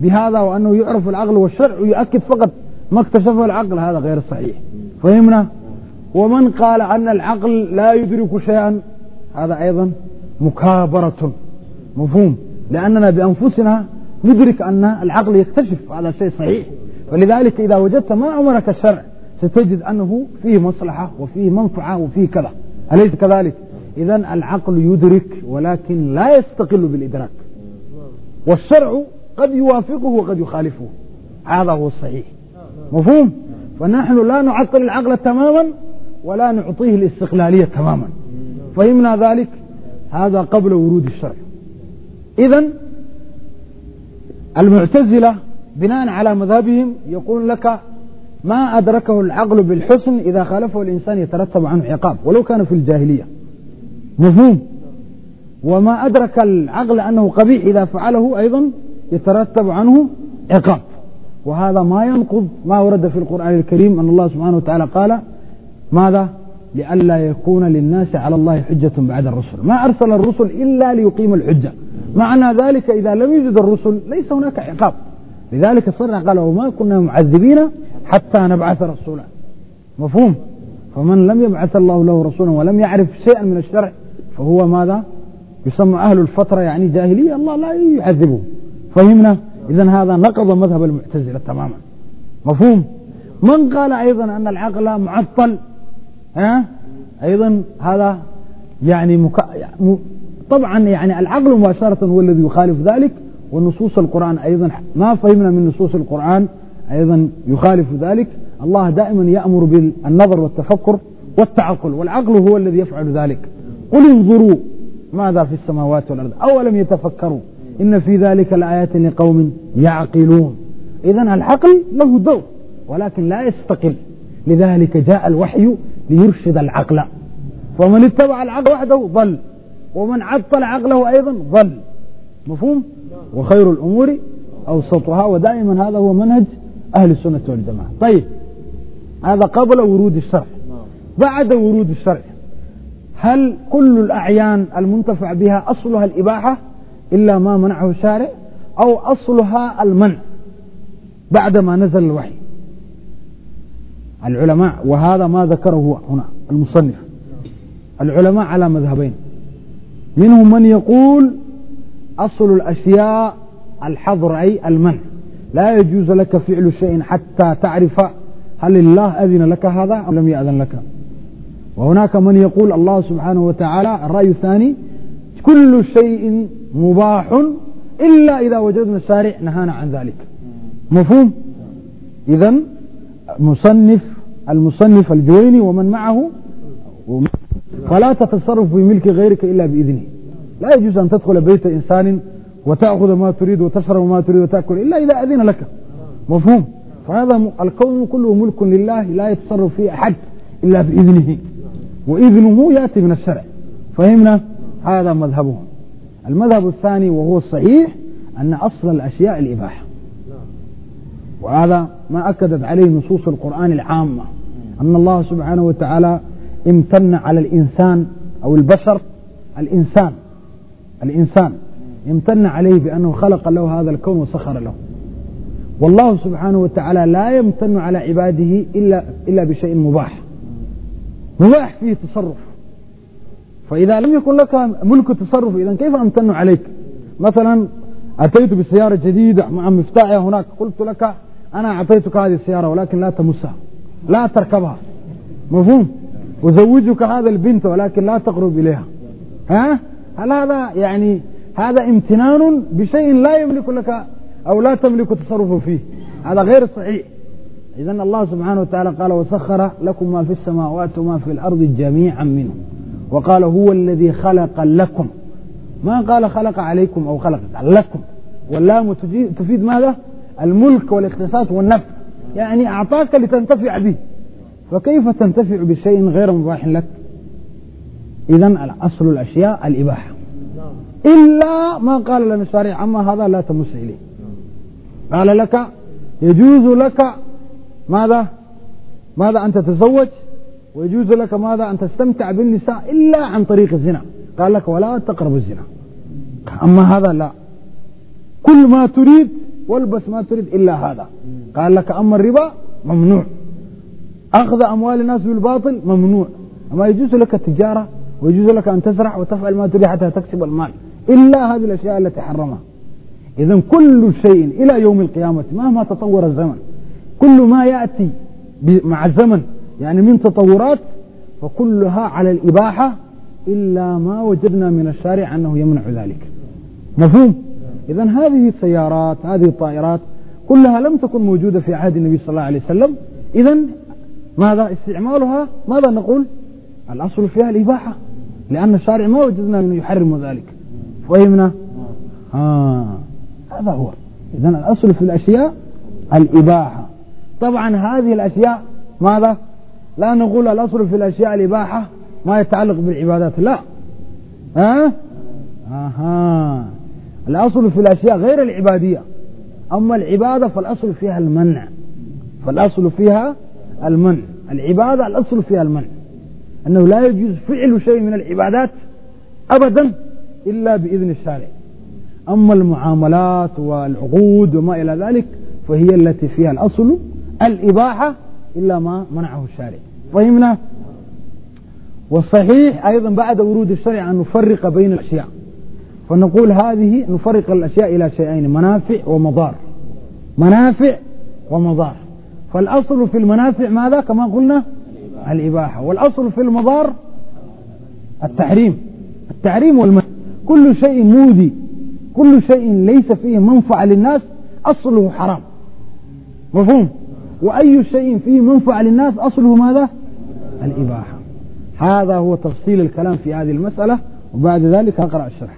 بهذا وأنه يعرف العقل والشرع يؤكد فقط ما اكتشفه العقل هذا غير صحيح فهمنا ومن قال أن العقل لا يدرك شيئا هذا أيضا مكابرة مفهوم لأننا بأنفسنا ندرك أن العقل يكتشف على شيء صحيح ولذلك إذا وجدت ما عمرك الشرع ستجد أنه فيه مصلحة وفيه منفعة وفيه كذا أليس كذلك إذا العقل يدرك ولكن لا يستقل بالإدراك والشرع قد يوافقه وقد يخالفه هذا هو الصحيح مفهوم فنحن لا نعطل العقل تماما ولا نعطيه الاستقلالية تماما فهمنا ذلك هذا قبل ورود الشرع إذا المعتزلة بناء على مذهبهم يقول لك ما أدركه العقل بالحسن إذا خالفه الإنسان يترتب عنه عقاب ولو كان في الجاهلية مفهوم وما أدرك العقل أنه قبيح إذا فعله أيضا يترتب عنه عقاب وهذا ما ينقض ما ورد في القرآن الكريم أن الله سبحانه وتعالى قال ماذا لئلا يكون للناس على الله حجة بعد الرسل ما أرسل الرسل إلا ليقيم الحجة معنى ذلك إذا لم يوجد الرسل ليس هناك عقاب لذلك صرنا قال وما كنا معذبين حتى نبعث رسولا مفهوم فمن لم يبعث الله له رسولا ولم يعرف شيئا من الشرع فهو ماذا يسمى أهل الفترة يعني جاهلية الله لا يعذبه فهمنا إذا هذا نقض مذهب المعتزلة تماما مفهوم من قال أيضا أن العقل معطل ها أيضا هذا يعني مك... طبعا يعني العقل مباشرة هو الذي يخالف ذلك ونصوص القرآن أيضا ما فهمنا من نصوص القرآن أيضا يخالف ذلك الله دائما يأمر بالنظر والتفكر والتعقل والعقل هو الذي يفعل ذلك قل انظروا ماذا في السماوات والأرض أولم يتفكروا إن في ذلك لآيات لقوم يعقلون إذا العقل له دور ولكن لا يستقل لذلك جاء الوحي ليرشد العقل فمن اتبع العقل وحده ضل ومن عطل عقله أيضا ضل مفهوم وخير الأمور أوسطها ودائما هذا هو منهج أهل السنة والجماعة طيب هذا قبل ورود الشرع بعد ورود الشرع هل كل الأعيان المنتفع بها أصلها الإباحة إلا ما منعه الشارع أو أصلها المنع بعدما نزل الوحي العلماء وهذا ما ذكره هنا المصنف العلماء على مذهبين منهم من يقول أصل الأشياء الحظر أي المنع لا يجوز لك فعل شيء حتى تعرف هل الله أذن لك هذا أم لم يأذن لك وهناك من يقول الله سبحانه وتعالى الرأي الثاني كل شيء مباح إلا إذا وجدنا الشارع نهانا عن ذلك مفهوم إذا مصنف المصنف الجويني ومن معه فلا تتصرف بملك غيرك إلا بإذنه لا يجوز أن تدخل بيت إنسان وتأخذ ما تريد وتشرب ما تريد وتأكل إلا إذا أذن لك مفهوم فهذا الكون كله ملك لله لا يتصرف فيه أحد إلا بإذنه وإذنه يأتي من الشرع فهمنا هذا مذهبهم المذهب الثاني وهو الصحيح أن أصل الأشياء الإباحة وهذا ما أكدت عليه نصوص القرآن العامة أن الله سبحانه وتعالى امتن على الإنسان أو البشر الإنسان الإنسان امتن عليه بأنه خلق له هذا الكون وسخر له والله سبحانه وتعالى لا يمتن على عباده إلا, إلا بشيء مباح مباح فيه تصرف فإذا لم يكن لك ملك تصرف إذا كيف أمتن عليك مثلا أتيت بسيارة جديدة مع مفتاحها هناك قلت لك أنا أعطيتك هذه السيارة ولكن لا تمسها لا تركبها مفهوم أزوجك هذا البنت ولكن لا تقرب إليها ها هل هذا يعني هذا امتنان بشيء لا يملك لك أو لا تملك تصرف فيه هذا غير صحيح إذا الله سبحانه وتعالى قال وسخر لكم ما في السماوات وما في الأرض جميعا منه وقال هو الذي خلق لكم ما قال خلق عليكم أو خلق لكم واللام تفيد ماذا الملك والاختصاص والنفع يعني أعطاك لتنتفع به فكيف تنتفع بشيء غير مباح لك إذا أصل الأشياء الإباحة إلا ما قال لنا الشارع أما هذا لا تمس إليه قال لك يجوز لك ماذا ماذا أن تتزوج ويجوز لك ماذا أن تستمتع بالنساء إلا عن طريق الزنا قال لك ولا تقرب الزنا أما هذا لا كل ما تريد والبس ما تريد إلا هذا قال لك أما الربا ممنوع أخذ أموال الناس بالباطل ممنوع ما يجوز لك التجارة ويجوز لك أن تزرع وتفعل ما تريد حتى تكسب المال إلا هذه الأشياء التي حرمها إذا كل شيء إلى يوم القيامة مهما تطور الزمن كل ما يأتي مع الزمن يعني من تطورات فكلها على الإباحة إلا ما وجدنا من الشارع أنه يمنع ذلك مفهوم؟ إذا هذه السيارات هذه الطائرات كلها لم تكن موجودة في عهد النبي صلى الله عليه وسلم إذا ماذا استعمالها ماذا نقول الأصل فيها الإباحة لأن الشارع ما وجدنا أنه يحرم ذلك فهمنا آه. هذا هو إذا الأصل في الأشياء الإباحة طبعا هذه الأشياء ماذا لا نقول الأصل في الأشياء الإباحة ما يتعلق بالعبادات لا ها أه؟ أها الأصل في الأشياء غير العبادية أما العبادة فالأصل فيها المنع فالأصل فيها المنع العبادة الأصل فيها المنع أنه لا يجوز فعل شيء من العبادات أبدا إلا بإذن الشارع أما المعاملات والعقود وما إلى ذلك فهي التي فيها الأصل الإباحة إلا ما منعه الشارع فهمنا؟ والصحيح أيضا بعد ورود الشرع أن نفرق بين الأشياء فنقول هذه نفرق الأشياء إلى شيئين منافع ومضار منافع ومضار فالأصل في المنافع ماذا كما قلنا الإباحة والأصل في المضار التحريم التحريم والمنع كل شيء مودي كل شيء ليس فيه منفعة للناس أصله حرام مفهوم وأي شيء فيه منفعة للناس أصله ماذا الإباحة هذا هو تفصيل الكلام في هذه المسألة وبعد ذلك أقرأ الشرح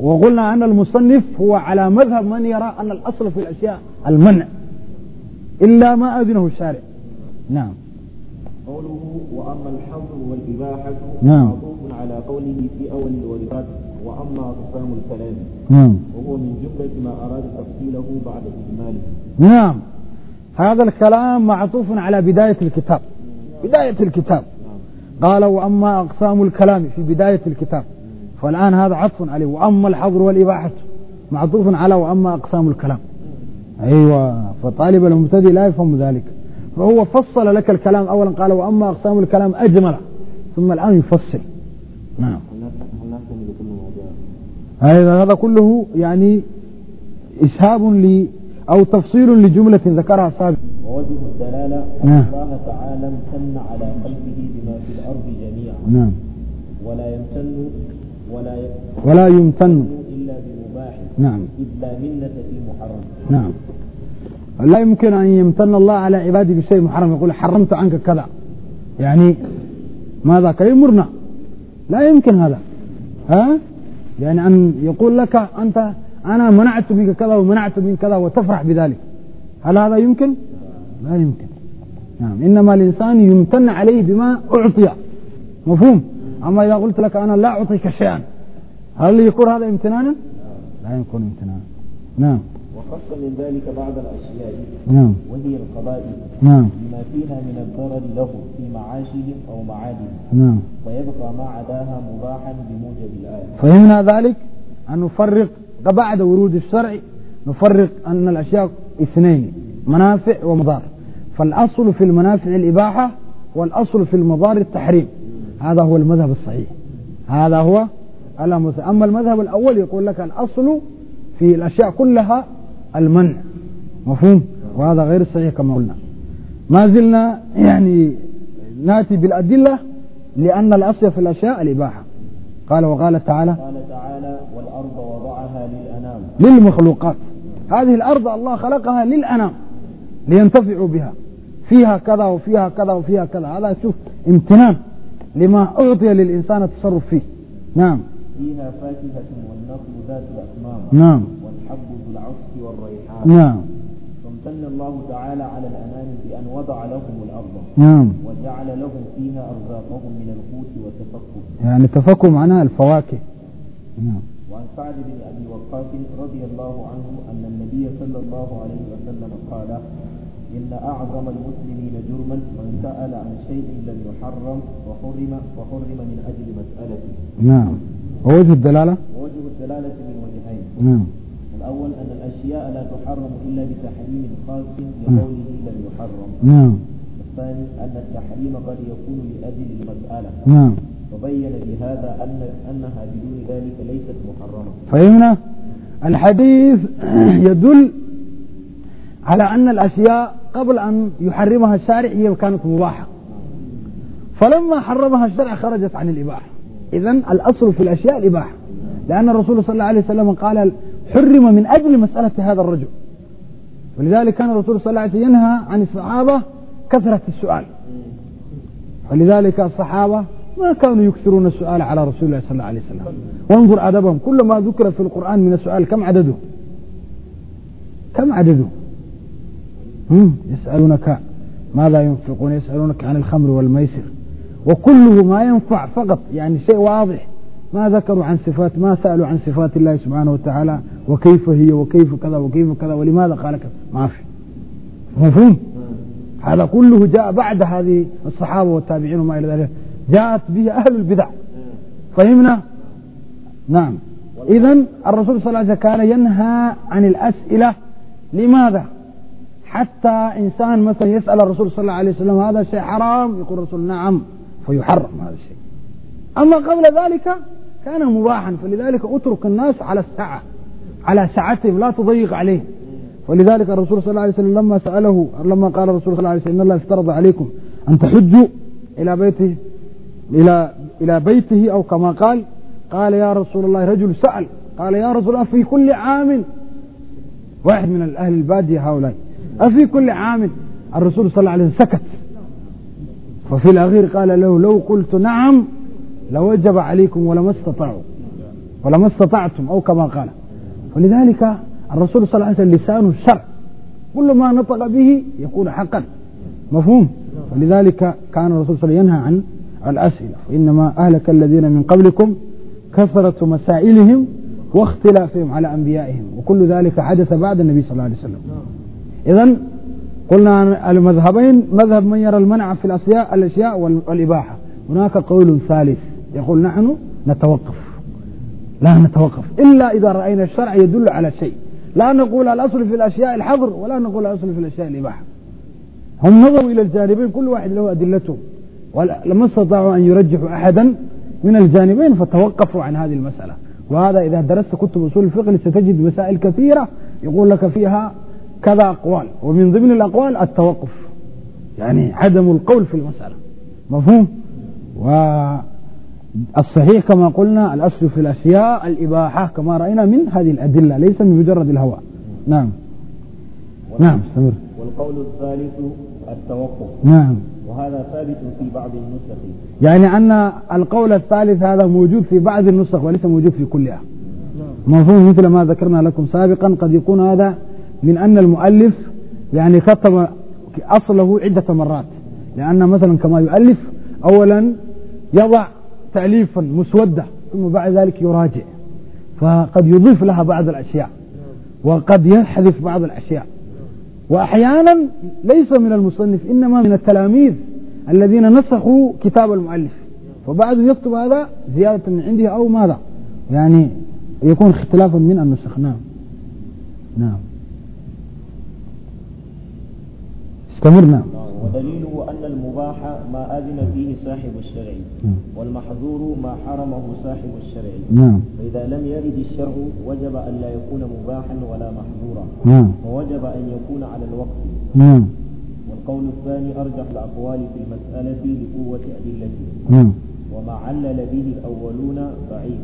وقلنا أن المصنف هو على مذهب من يرى أن الأصل في الأشياء المنع إلا ما أذنه الشارع نعم قوله وأما الحظ والإباحة نعم معطوف على قوله في أول الواجبات وأما أقسام الكلام نعم وهو من جملة ما أراد تفصيله بعد إجماله نعم هذا الكلام معطوف على بداية الكتاب بداية الكتاب نعم. قال وأما أقسام الكلام في بداية الكتاب فالآن هذا عطف عليه وأما الحظر والإباحة معطوف على وأما أقسام الكلام أيوة فطالب المبتدئ لا يفهم ذلك فهو فصل لك الكلام أولا قال وأما أقسام الكلام أجمل ثم الآن يفصل نعم هذا هذا كله يعني إسهاب ل أو تفصيل لجملة ذكرها سابقا ووجه الدلالة أن نعم. الله تعالى امتن على قلبه بما في الأرض جميعا نعم ولا يمتن ولا يمتن ولا يمتن نعم إلا منة في محرم نعم لا يمكن أن يمتن الله على عباده بشيء محرم يقول حرمت عنك كذا يعني ماذا يمرنا لا يمكن هذا ها يعني أن يقول لك أنت أنا منعت منك كذا ومنعت من كذا وتفرح بذلك هل هذا يمكن لا يمكن نعم إنما الإنسان يمتن عليه بما أعطي مفهوم أما إذا قلت لك أنا لا أعطيك شيئا هل يقول هذا امتنانا لا يمكن امتناع نعم وخص من ذلك بعض الأشياء نعم وهي القبائل نعم لما فيها من الضرر له في معاشهم أو معادهم نعم فيبقى ما عداها مباحا بموجب الآية فهمنا ذلك أن نفرق بعد ورود الشرع نفرق أن الأشياء اثنين منافع ومضار فالأصل في المنافع الإباحة والأصل في المضار التحريم هذا هو المذهب الصحيح هذا هو على مسلم أما المذهب الأول يقول لك الأصل في الأشياء كلها المنع مفهوم وهذا غير صحيح كما قلنا ما زلنا يعني ناتي بالأدلة لأن الأصل في الأشياء الإباحة قال وقال تعالى قال تعالى والأرض وضعها للأنام للمخلوقات هذه الأرض الله خلقها للأنام لينتفعوا بها فيها كذا وفيها كذا وفيها كذا هذا شوف امتنان لما أعطي للإنسان التصرف فيه نعم فيها فاكهة والنخل ذات الأكمام نعم والحب ذو العصف والريحان نعم فامتن الله تعالى على الأنام بأن وضع لهم الأرض نعم وجعل لهم فيها أرزاقهم من القوت والتفكك يعني التفكك معناها الفواكه نعم وعن سعد بن أبي وقاص رضي الله عنه أن النبي صلى الله عليه وسلم قال إن أعظم المسلمين جرما من سأل عن شيء لم يحرم وحرم وحرم من أجل مسألته. نعم. ووجه الدلالة ووجه الدلالة من وجهين نعم الأول أن الأشياء لا تحرم إلا بتحريم خاص نعم. لقوله لم يحرم نعم الثاني أن التحريم قد يكون لأجل المسألة نعم وبين بهذا أن أنها بدون ذلك ليست محرمة فهمنا الحديث يدل على أن الأشياء قبل أن يحرمها الشارع هي كانت مباحة فلما حرمها الشرع خرجت عن الإباحة إذا الأصل في الأشياء الإباحة لأن الرسول صلى الله عليه وسلم قال حرم من أجل مسألة هذا الرجل ولذلك كان الرسول صلى الله عليه وسلم ينهى عن الصحابة كثرة السؤال ولذلك الصحابة ما كانوا يكثرون السؤال على رسول الله صلى الله عليه وسلم وانظر أدبهم كل ما ذكر في القرآن من السؤال كم عدده كم عدده يسألونك ماذا ينفقون يسألونك عن الخمر والميسر وكله ما ينفع فقط يعني شيء واضح ما ذكروا عن صفات ما سألوا عن صفات الله سبحانه وتعالى وكيف هي وكيف كذا وكيف كذا ولماذا قال كذا ما في مفهوم هذا كله جاء بعد هذه الصحابة والتابعين وما إلى ذلك جاءت به أهل البدع فهمنا نعم إذا الرسول صلى الله عليه وسلم كان ينهى عن الأسئلة لماذا حتى إنسان مثلا يسأل الرسول صلى الله عليه وسلم هذا شيء حرام يقول الرسول نعم فيحرم هذا الشيء أما قبل ذلك كان مباحا فلذلك اترك الناس على السعة على سعتهم لا تضيق عليهم ولذلك الرسول صلى الله عليه وسلم لما سأله لما قال الرسول صلى الله عليه وسلم إن الله افترض عليكم أن تحجوا إلى بيته إلى إلى بيته أو كما قال قال يا رسول الله رجل سأل قال يا رسول الله في كل عام واحد من أهل البادية هؤلاء أفي كل عام الرسول صلى الله عليه وسلم سكت ففي الأخير قال له لو قلت نعم لوجب عليكم ولما استطاعوا ولما استطعتم أو كما قال فلذلك الرسول صلى الله عليه وسلم لسانه الشرع كل ما نطق به يكون حقا مفهوم ولذلك كان الرسول صلى الله عليه وسلم ينهى عن الأسئلة وإنما أهلك الذين من قبلكم كثرة مسائلهم واختلافهم على أنبيائهم وكل ذلك حدث بعد النبي صلى الله عليه وسلم إذا قلنا المذهبين مذهب من يرى المنع في الأشياء, الأشياء والإباحة هناك قول ثالث يقول نحن نتوقف لا نتوقف إلا إذا رأينا الشرع يدل على شيء لا نقول الأصل في الأشياء الحظر ولا نقول الأصل في الأشياء الإباحة هم نظروا إلى الجانبين كل واحد له أدلته ولما استطاعوا أن يرجحوا أحدا من الجانبين فتوقفوا عن هذه المسألة وهذا إذا درست كتب أصول الفقه ستجد مسائل كثيرة يقول لك فيها كذا أقوال ومن ضمن الأقوال التوقف يعني عدم القول في المسألة مفهوم والصحيح كما قلنا الأصل في الأشياء الإباحة كما رأينا من هذه الأدلة ليس من مجرد الهوى نعم نعم استمر والقول الثالث التوقف نعم وهذا ثابت في بعض النسخ يعني أن القول الثالث هذا موجود في بعض النسخ وليس موجود في كلها نعم. مفهوم مثل ما ذكرنا لكم سابقا قد يكون هذا من أن المؤلف يعني خطب أصله عدة مرات لأن مثلا كما يؤلف أولا يضع تأليفا مسودة ثم بعد ذلك يراجع فقد يضيف لها بعض الأشياء وقد يحذف بعض الأشياء وأحيانا ليس من المصنف إنما من التلاميذ الذين نسخوا كتاب المؤلف فبعد يكتب هذا زيادة من عنده أو ماذا يعني يكون اختلافا من النسخ نعم نعم استمر نعم ودليله أن المباح ما أذن فيه صاحب الشرع نعم. والمحظور ما حرمه صاحب الشرع نعم فإذا لم يرد الشرع وجب أن لا يكون مباحا ولا محظورا نعم ووجب أن يكون على الوقت نعم والقول الثاني أرجح الأقوال في المسألة لقوة أدلته نعم وما علل به الأولون ضعيف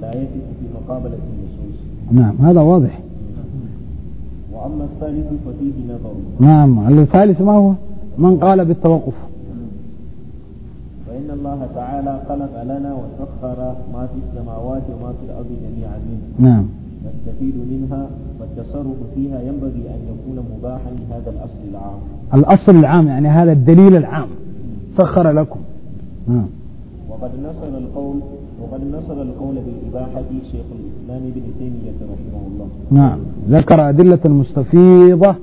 لا يثبت في مقابلة النصوص نعم هذا واضح وأما الثالث ففيه نظر نعم الثالث ما هو من قال بالتوقف فإن الله تعالى خلق لنا وسخر ما في السماوات وما في الأرض جميعا منه نعم نستفيد منها والتصرف فيها ينبغي أن يكون مباحا لهذا الأصل العام الأصل العام يعني هذا الدليل العام سخر لكم نعم وقد نصر القوم وقد نصر القول بالإباحة شيخ الإسلام ابن تيمية رحمه الله نعم ذكر أدلة المستفيضة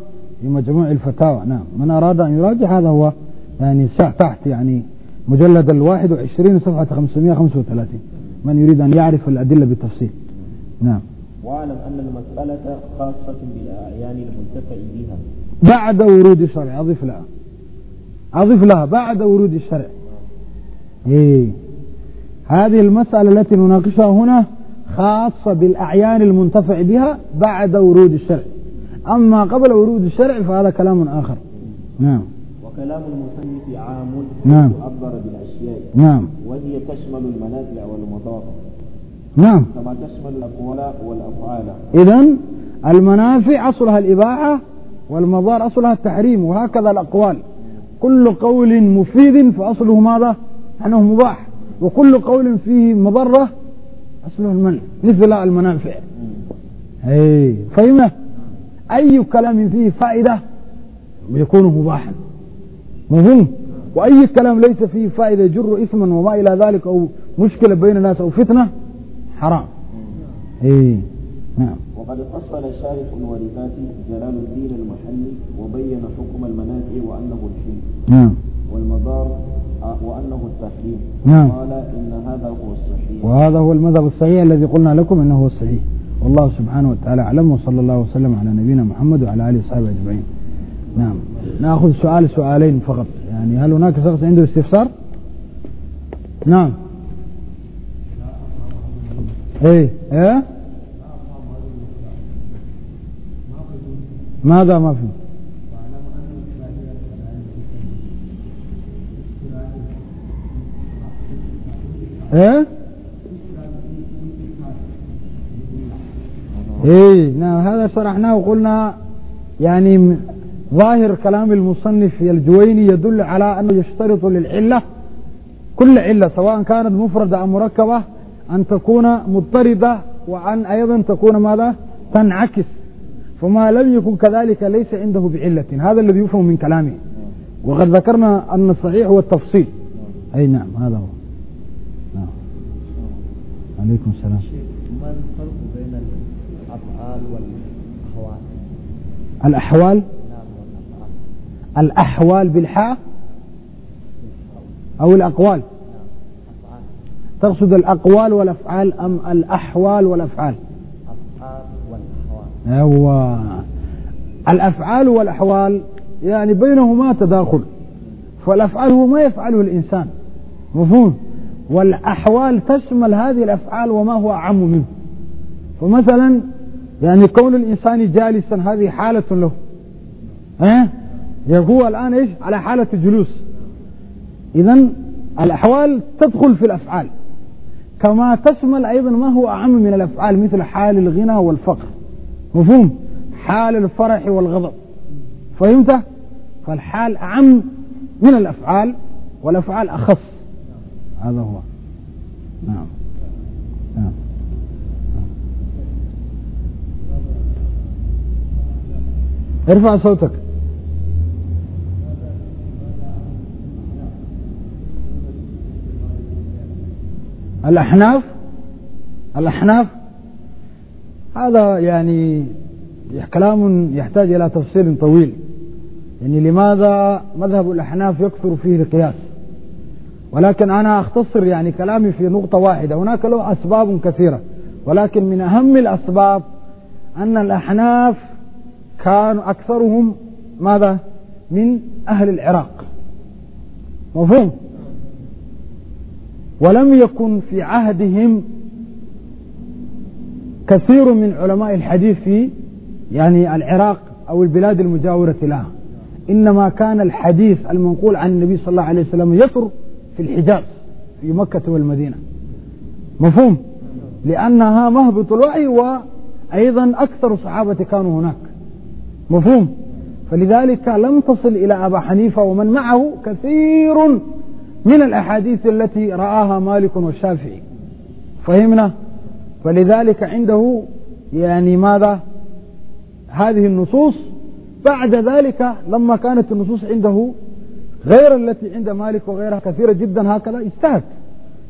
في مجموع الفتاوى نعم من أراد أن يراجع هذا هو يعني تحت يعني مجلد الواحد وعشرين صفحة 535 من يريد أن يعرف الأدلة بالتفصيل نعم واعلم أن المسألة خاصة بالأعيان المنتفع بها بعد ورود الشرع أضف لها أضف لها بعد ورود الشرع إيه هذه المسألة التي نناقشها هنا خاصة بالأعيان المنتفع بها بعد ورود الشرع أما قبل ورود الشرع فهذا كلام آخر نعم وكلام المصنف عام نعم عبر بالأشياء نعم وهي تشمل المنافع والمضار نعم كما تشمل الأقوال والأفعال إذا المنافع أصلها الإباحة والمضار أصلها التحريم وهكذا الأقوال كل قول مفيد فأصله ماذا؟ أنه مباح وكل قول فيه مضرة أصله المنع مثل المنافع أي فهمنا أي كلام فيه فائدة يكون مباحا مهم وأي كلام ليس فيه فائدة يجر إثما وما إلى ذلك أو مشكلة بين الناس أو فتنة حرام أي نعم وقد فصل شارح الورثات جلال الدين المحلي وبين حكم المنافع وأنه الحين نعم والمضار وأنه التحريم نعم قال إن هذا هو الصحيح وهذا هو المذهب الصحيح الذي قلنا لكم أنه هو الصحيح والله سبحانه وتعالى أعلم وصلى الله وسلم على نبينا محمد وعلى آله وصحبه أجمعين نعم نأخذ سؤال سؤالين فقط يعني هل هناك شخص عنده استفسار نعم ايه ايه ماذا ما فيه ايه ايه نعم هذا شرحناه وقلنا يعني ظاهر كلام المصنف الجويني يدل على أنه يشترط للعلة كل علة سواء كانت مفردة أو مركبة أن تكون مضطردة وأن أيضا تكون ماذا تنعكس فما لم يكن كذلك ليس عنده بعلة هذا الذي يفهم من كلامه وقد ذكرنا أن الصحيح هو التفصيل أي نعم هذا هو عليكم السلام ما الفرق بين الأفعال والأحوال الأحوال نعم الأحوال بالحاء أو الأقوال نعم. تقصد الأقوال والأفعال أم الأحوال والأفعال أفعال والأحوال أيوة الأفعال والأحوال يعني بينهما تداخل فالأفعال هو ما يفعله الإنسان مفهوم والأحوال تشمل هذه الأفعال وما هو أعم منه فمثلا يعني كون الإنسان جالسا هذه حالة له ها يعني هو يقول الآن إيش على حالة الجلوس إذا الأحوال تدخل في الأفعال كما تشمل أيضا ما هو أعم من الأفعال مثل حال الغنى والفقر مفهوم حال الفرح والغضب فهمت فالحال أعم من الأفعال والأفعال أخص هذا هو نعم نعم ارفع صوتك الأحناف الأحناف هذا يعني كلام يحتاج إلى تفصيل طويل يعني لماذا مذهب الأحناف يكثر فيه القياس ولكن أنا أختصر يعني كلامي في نقطة واحدة هناك له أسباب كثيرة ولكن من أهم الأسباب أن الأحناف كانوا أكثرهم ماذا من أهل العراق مفهوم ولم يكن في عهدهم كثير من علماء الحديث في يعني العراق أو البلاد المجاورة لها إنما كان الحديث المنقول عن النبي صلى الله عليه وسلم يسر في الحجاز في مكة والمدينة مفهوم لأنها مهبط الوحي وأيضا أكثر الصحابة كانوا هناك مفهوم فلذلك لم تصل إلى أبا حنيفة ومن معه كثير من الأحاديث التي رآها مالك والشافعي فهمنا فلذلك عنده يعني ماذا هذه النصوص بعد ذلك لما كانت النصوص عنده غير التي عند مالك وغيرها كثيرة جدا هكذا اجتهد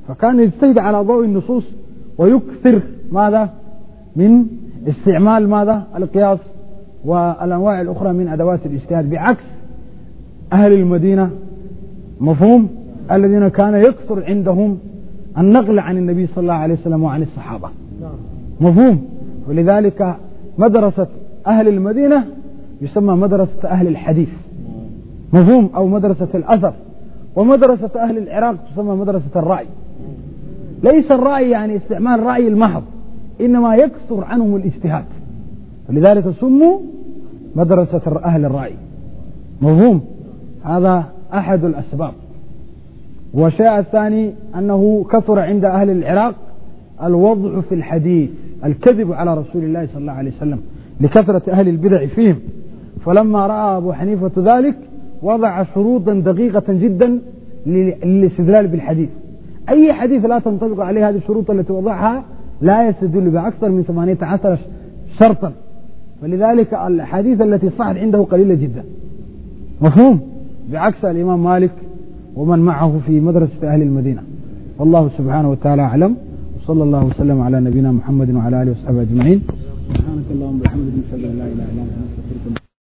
فكان يجتهد على ضوء النصوص ويكثر ماذا من استعمال ماذا القياس والأنواع الأخرى من أدوات الاجتهاد بعكس أهل المدينة مفهوم الذين كان يكثر عندهم النقل عن النبي صلى الله عليه وسلم وعن الصحابة مفهوم ولذلك مدرسة أهل المدينة يسمى مدرسة أهل الحديث مفهوم أو مدرسة الأثر ومدرسة أهل العراق تسمى مدرسة الرأي ليس الرأي يعني استعمال رأي المحض إنما يكثر عنهم الاجتهاد ولذلك سموا مدرسة أهل الرأي مفهوم هذا أحد الأسباب والشيء الثاني أنه كثر عند أهل العراق الوضع في الحديث الكذب على رسول الله صلى الله عليه وسلم لكثرة أهل البدع فيهم فلما رأى أبو حنيفة ذلك وضع شروطا دقيقة جدا للاستدلال بالحديث أي حديث لا تنطبق عليه هذه الشروط التي وضعها لا يستدل بأكثر من 18 شرطا فلذلك الحديث التي صحت عنده قليلة جدا مفهوم بعكس الإمام مالك ومن معه في مدرسة أهل المدينة والله سبحانه وتعالى أعلم وصلى الله وسلم على نبينا محمد وعلى آله وصحبه أجمعين سبحانك اللهم وبحمدك نشهد أن لا إله إلا أنت نستغفرك